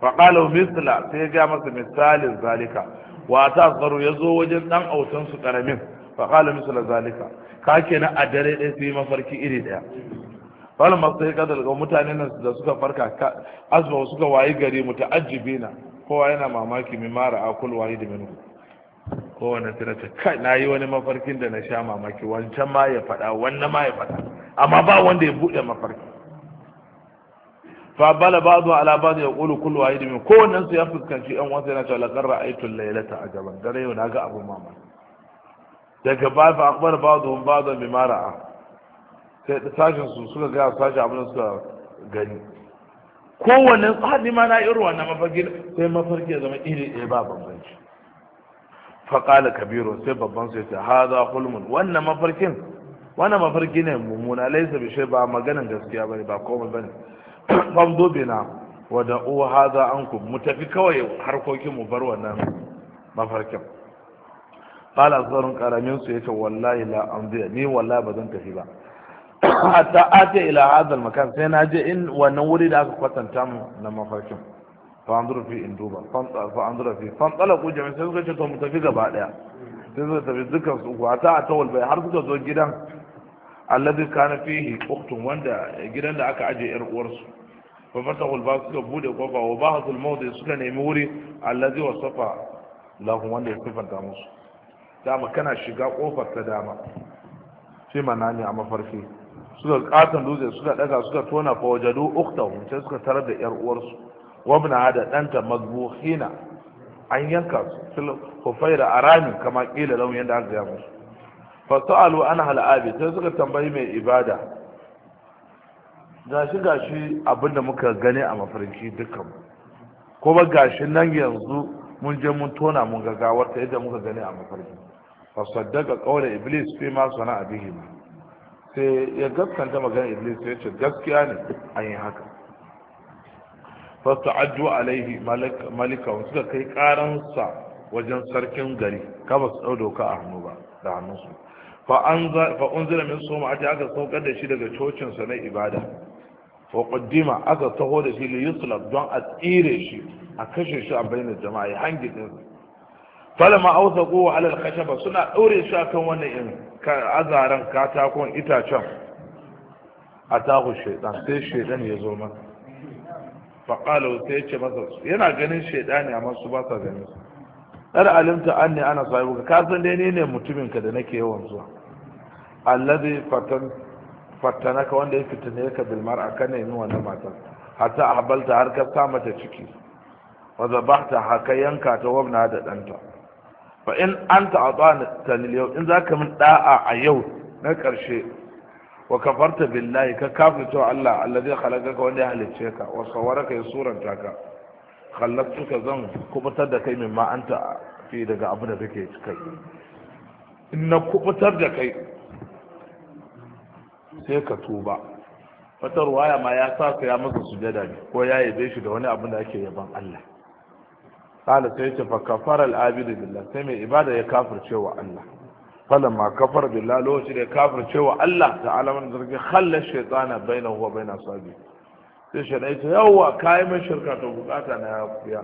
fa qala misla sai ya ga masa misalin zalika wa ta tsaro ya zo wajen dan autansu karamin fa qala misla zalika ka kenan a dare ɗaya su yi mafarki iri ɗaya wani masu yi kadar ga mutanen nan da suka farka azuma suka wayi gari mutu na? kowa yana mamaki mai mara akul wani da minu kowane tana kai na yi wani mafarkin da na sha mamaki wancan ma ya faɗa wannan ma ya faɗa amma ba wanda ya buɗe mafarki fa bala ba'du ala ba'd kulu kullu wahid min kowannen su ya fuskanci yan wasu yana cewa laqad ra'aytu lailata laylata gaban dare yau na ga abun mamaki daga ba fa akbar ba'dhum ba'dhan bima ra'a sai da sashin su suka ga sashi abin suka gani kowanne tsadi ma na irwa na mafarki sai mafarki ya zama iri ɗaya ba bambanci faƙala kabiru sai babban sai ta haza hulmun wannan mafarkin wannan mafarki ne mummuna laisa bi shi ba maganan gaskiya bane ba komai bane famdo bina wada u haza ku mu tafi kawai harkokin mu bar wannan mafarkin qala zarun karamin su yace wallahi la amdiya ni wallahi bazan tafi ba hatta ate ila hadal makan sai na je wannan wuri da aka kwatanta mu na mafarkin fa anzuru fi induba fa anzuru fi fa tsala ku jami'a sai suka ce to mu tafi gaba daya sai suka tafi dukkan su uku hatta atawal bai har suka zo gidan alladhi kana fihi uktun wanda gidan da aka ajiye yar uwarsu fa fatahu albab suka bude suka nemi wuri alladhi wanda ya sifanta musu dama kana shiga kofar ta dama fi manani a mafarki suka katon dutse suka daga suka tona fa wajadu ukhtahu sai suka tarar da yar uwarsu wabna da danta mazbuhina an yanka su fil hufaira arami kama kila lawan yanda aka gaya musu fa sa'alu ana hal abi sai suka tambayi mai ibada gashi gashi abinda muka gani a mafarki dukkan ko ba gashi nan yanzu mun je mun tona mun gawar ta yadda muka gani a mafarki fasaddaka qawla iblis fi ma sana'a bihi sai ya gaskanta magana iblis ya ce gaskiya ne an yi haka fasta'addu alaihi malika suka kai karansa wajen sarkin gari ka ba su dau doka a hannu ba da hannunsu fa unzila min soma ati aka saukar da shi daga cocin sa na ibada wa qaddima aka taho da shi li don a tsire shi a kashe shi a bainar jama'a ya hangi din falama auza wa alal khashaba suna daure shi akan wannan azaran katakon itacen atahu shaytan sai shaytan ya zo masa faƙalo sai ce masa yana ganin ne amma su ba sa ganin su ɗar alimta an ne ana sahibu ka san dai ni ne mutumin ka da nake yawan zuwa allazi fatan ka wanda ya fitine ka bilmar a kan yin wannan mata hatta ahbalta har ka sa mata ciki wa zabahta haka yanka ta wabna da ɗanta fa in anta atana ta yau in zaka min da'a a yau na karshe wa kafarta billahi ka kafirta wa Allah alladhi ka wanda ya halicce ka wa sawwaraka ya suranta ka khallaqtuka zan kubutar da kai mimma anta fi daga abu da kake kai in na kubutar da kai sai ka tuba wata ruwaya ma ya sa ya masa sujada ne ko ya yabe shi da wani abu da ake yaban Allah قال سيت فكفر العابد بالله سمي عباده يكفر شوى الله فلما كفر بالله لو شيء كافر شوى الله تعالى من ذلك خلى الشيطان بينه وبين صاحبه sai shaɗai ta yawa kayan mai shirka to bukata na ya kuya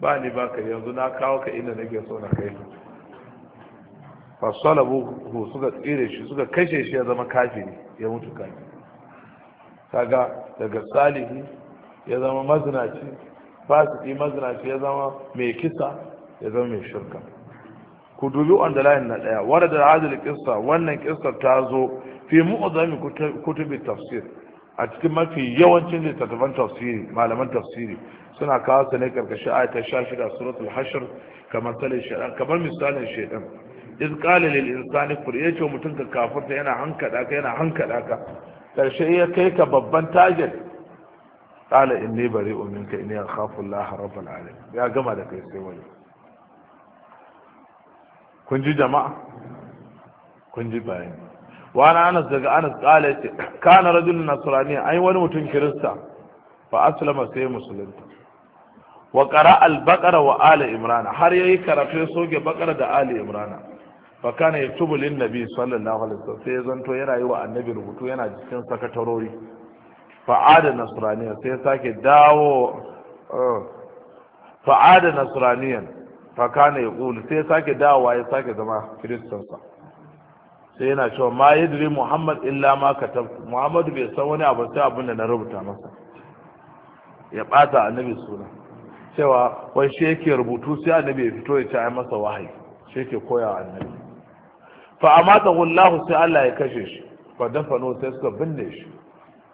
ba ni ba ka yanzu na kawo ka inda nake so na kai fasalabu suka tsire shi suka kashe shi ya zama kafiri ya mutu kaga daga salihi ya zama mazinaci fasiki mazinaci ya zama mai kisa ya zama mai shirka ku dubi on the na ɗaya wanda da kisa wannan kisar ta zo fi mu'azzami kutubi tafsir a cikin mafi yawancin littattafan tafsiri malaman tafsiri suna kawo su ne karkashin ayatar sha shida suratul hashir kamar salin kamar misalin shaidan iz qala lil insani kufur yace mutum ka kafirta yana hankada ka yana hankada ka karshe ya kai ka babban target qala inni bari'u minka inni akhafu Allah rabbul alamin ya gama da kai sai wani kun ji jama'a kun ji bayani wa ana anas daga anas qala yace kana rajulun nasrani ai wani mutum kirista fa aslama sai musulunta wa qara al-baqara wa ali imran har yayi karatu soge baqara da ali imran fa kana yaktubu lin nabi sallallahu alaihi wasallam sai zanto yana yi wa annabi rubutu yana cikin sakatarori fa'ada nasraniya sai sake dawo oh, fa'ada nasraniyan fakana ya ƙulu sai sake dawowa ya sake zama kiristansa sai yana cewa ma yadri muhammad illa ma katab muhammadu bai san wani abu sai abin da na rubuta masa ya ɓata annabi suna cewa wai shi yake rubutu sai annabi ya fito ya ci ai masa wahayi shi yake koya annabi fa amata wallahu sai Allah ya kashe shi fa dafano sai suka binne shi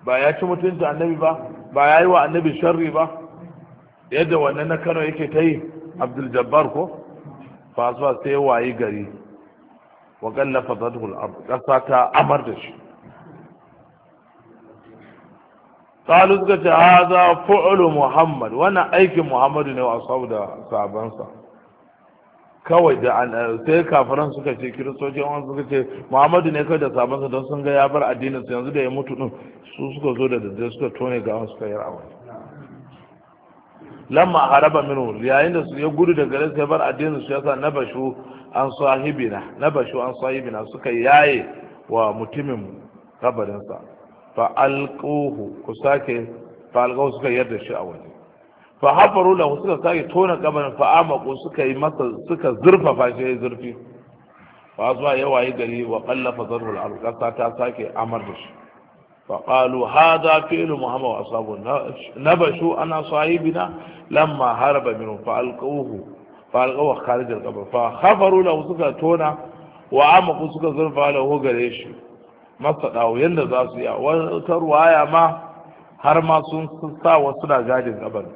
ba ya ci mutunta annabi ba ba ya yi wa annabi sharri ba yadda wannan na kano yake ta yi abdul jabbar ko fasuwa sai wayi gari wa gallafa zadhul ta amar da shi qalu suka ce haza fu'ulu muhammad wannan aikin muhammadu ne wa asabu da sabansa kawai da sai kafiran suka ce kiristoci an suka ce muhammadu ne kai da sabansa don sun ga ya bar addinin su yanzu da ya mutu din su suka zo da daddare suka tone ga wasu kayar awa lamma haraba minu yayin da su ya gudu da gare sai bar addinin su yasa na bashu an sahibina na bashu an sahibina suka yaye wa mutumin kabarinsa fa alquhu ku sake fa alqahu suka yarda shi a waje fa hafaru lahu suka sake tona kabarin fa amaqu suka yi masa suka zurfafa shi zurfi fa zuwa yawa yi gari wa qallafa zarhul alqasa ta sake amar da shi fa qalu hadha fi'lu muhammad wa na nabashu ana sahibina lamma haraba min fa alqawhu fa alqaw kharij alqabr fa hafaru lahu suka tona wa amaqu suka zurfa lahu gare shi masa dawo yanda za su yi wata ruwaya ma har ma sun sa wasu na gadin kabarin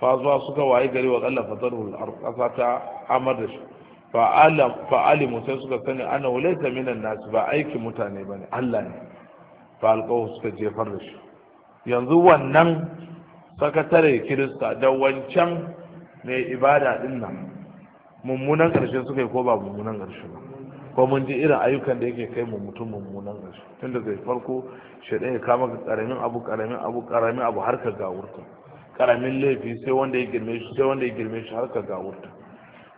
fazuwa suka waye gari wa kalla fatarul ƙasa ta amar da shi fa'alimu sai suka sani ana wulaita minan nasu ba aikin mutane ba ne allah ne falkawo suka jefar da shi yanzu wannan sakatare kirista da wancan mai ibada din nan mummunan ƙarshe suka yi ko ba mummunan ƙarshe ba ko mun ji irin ayyukan da yake kai mutum mummunan ƙarshe tunda zai farko shaɗe ya kama ka ƙaramin abu ƙaramin abu ƙaramin abu har ka gawurta karamin laifi sai wanda ya girme shi sai wanda ya girme shi har ka gawurta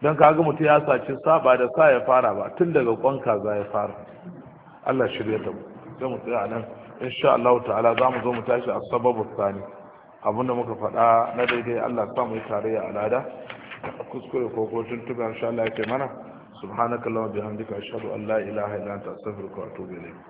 don kaga mutum ya saci sa ba da sa ya fara ba tun daga kwan kaza ya fara Allah shirya ta sai mu tsaya nan insha Allah ta'ala za mu zo mu tashi a sababu tsani da muka faɗa na daidai Allah sa mu yi tarayya a lada kuskure ko ko tuntuɓe insha Allah ya ce mana allahumma bihamdika ashhadu an la ilaha illa anta astaghfiruka wa atubu ilayk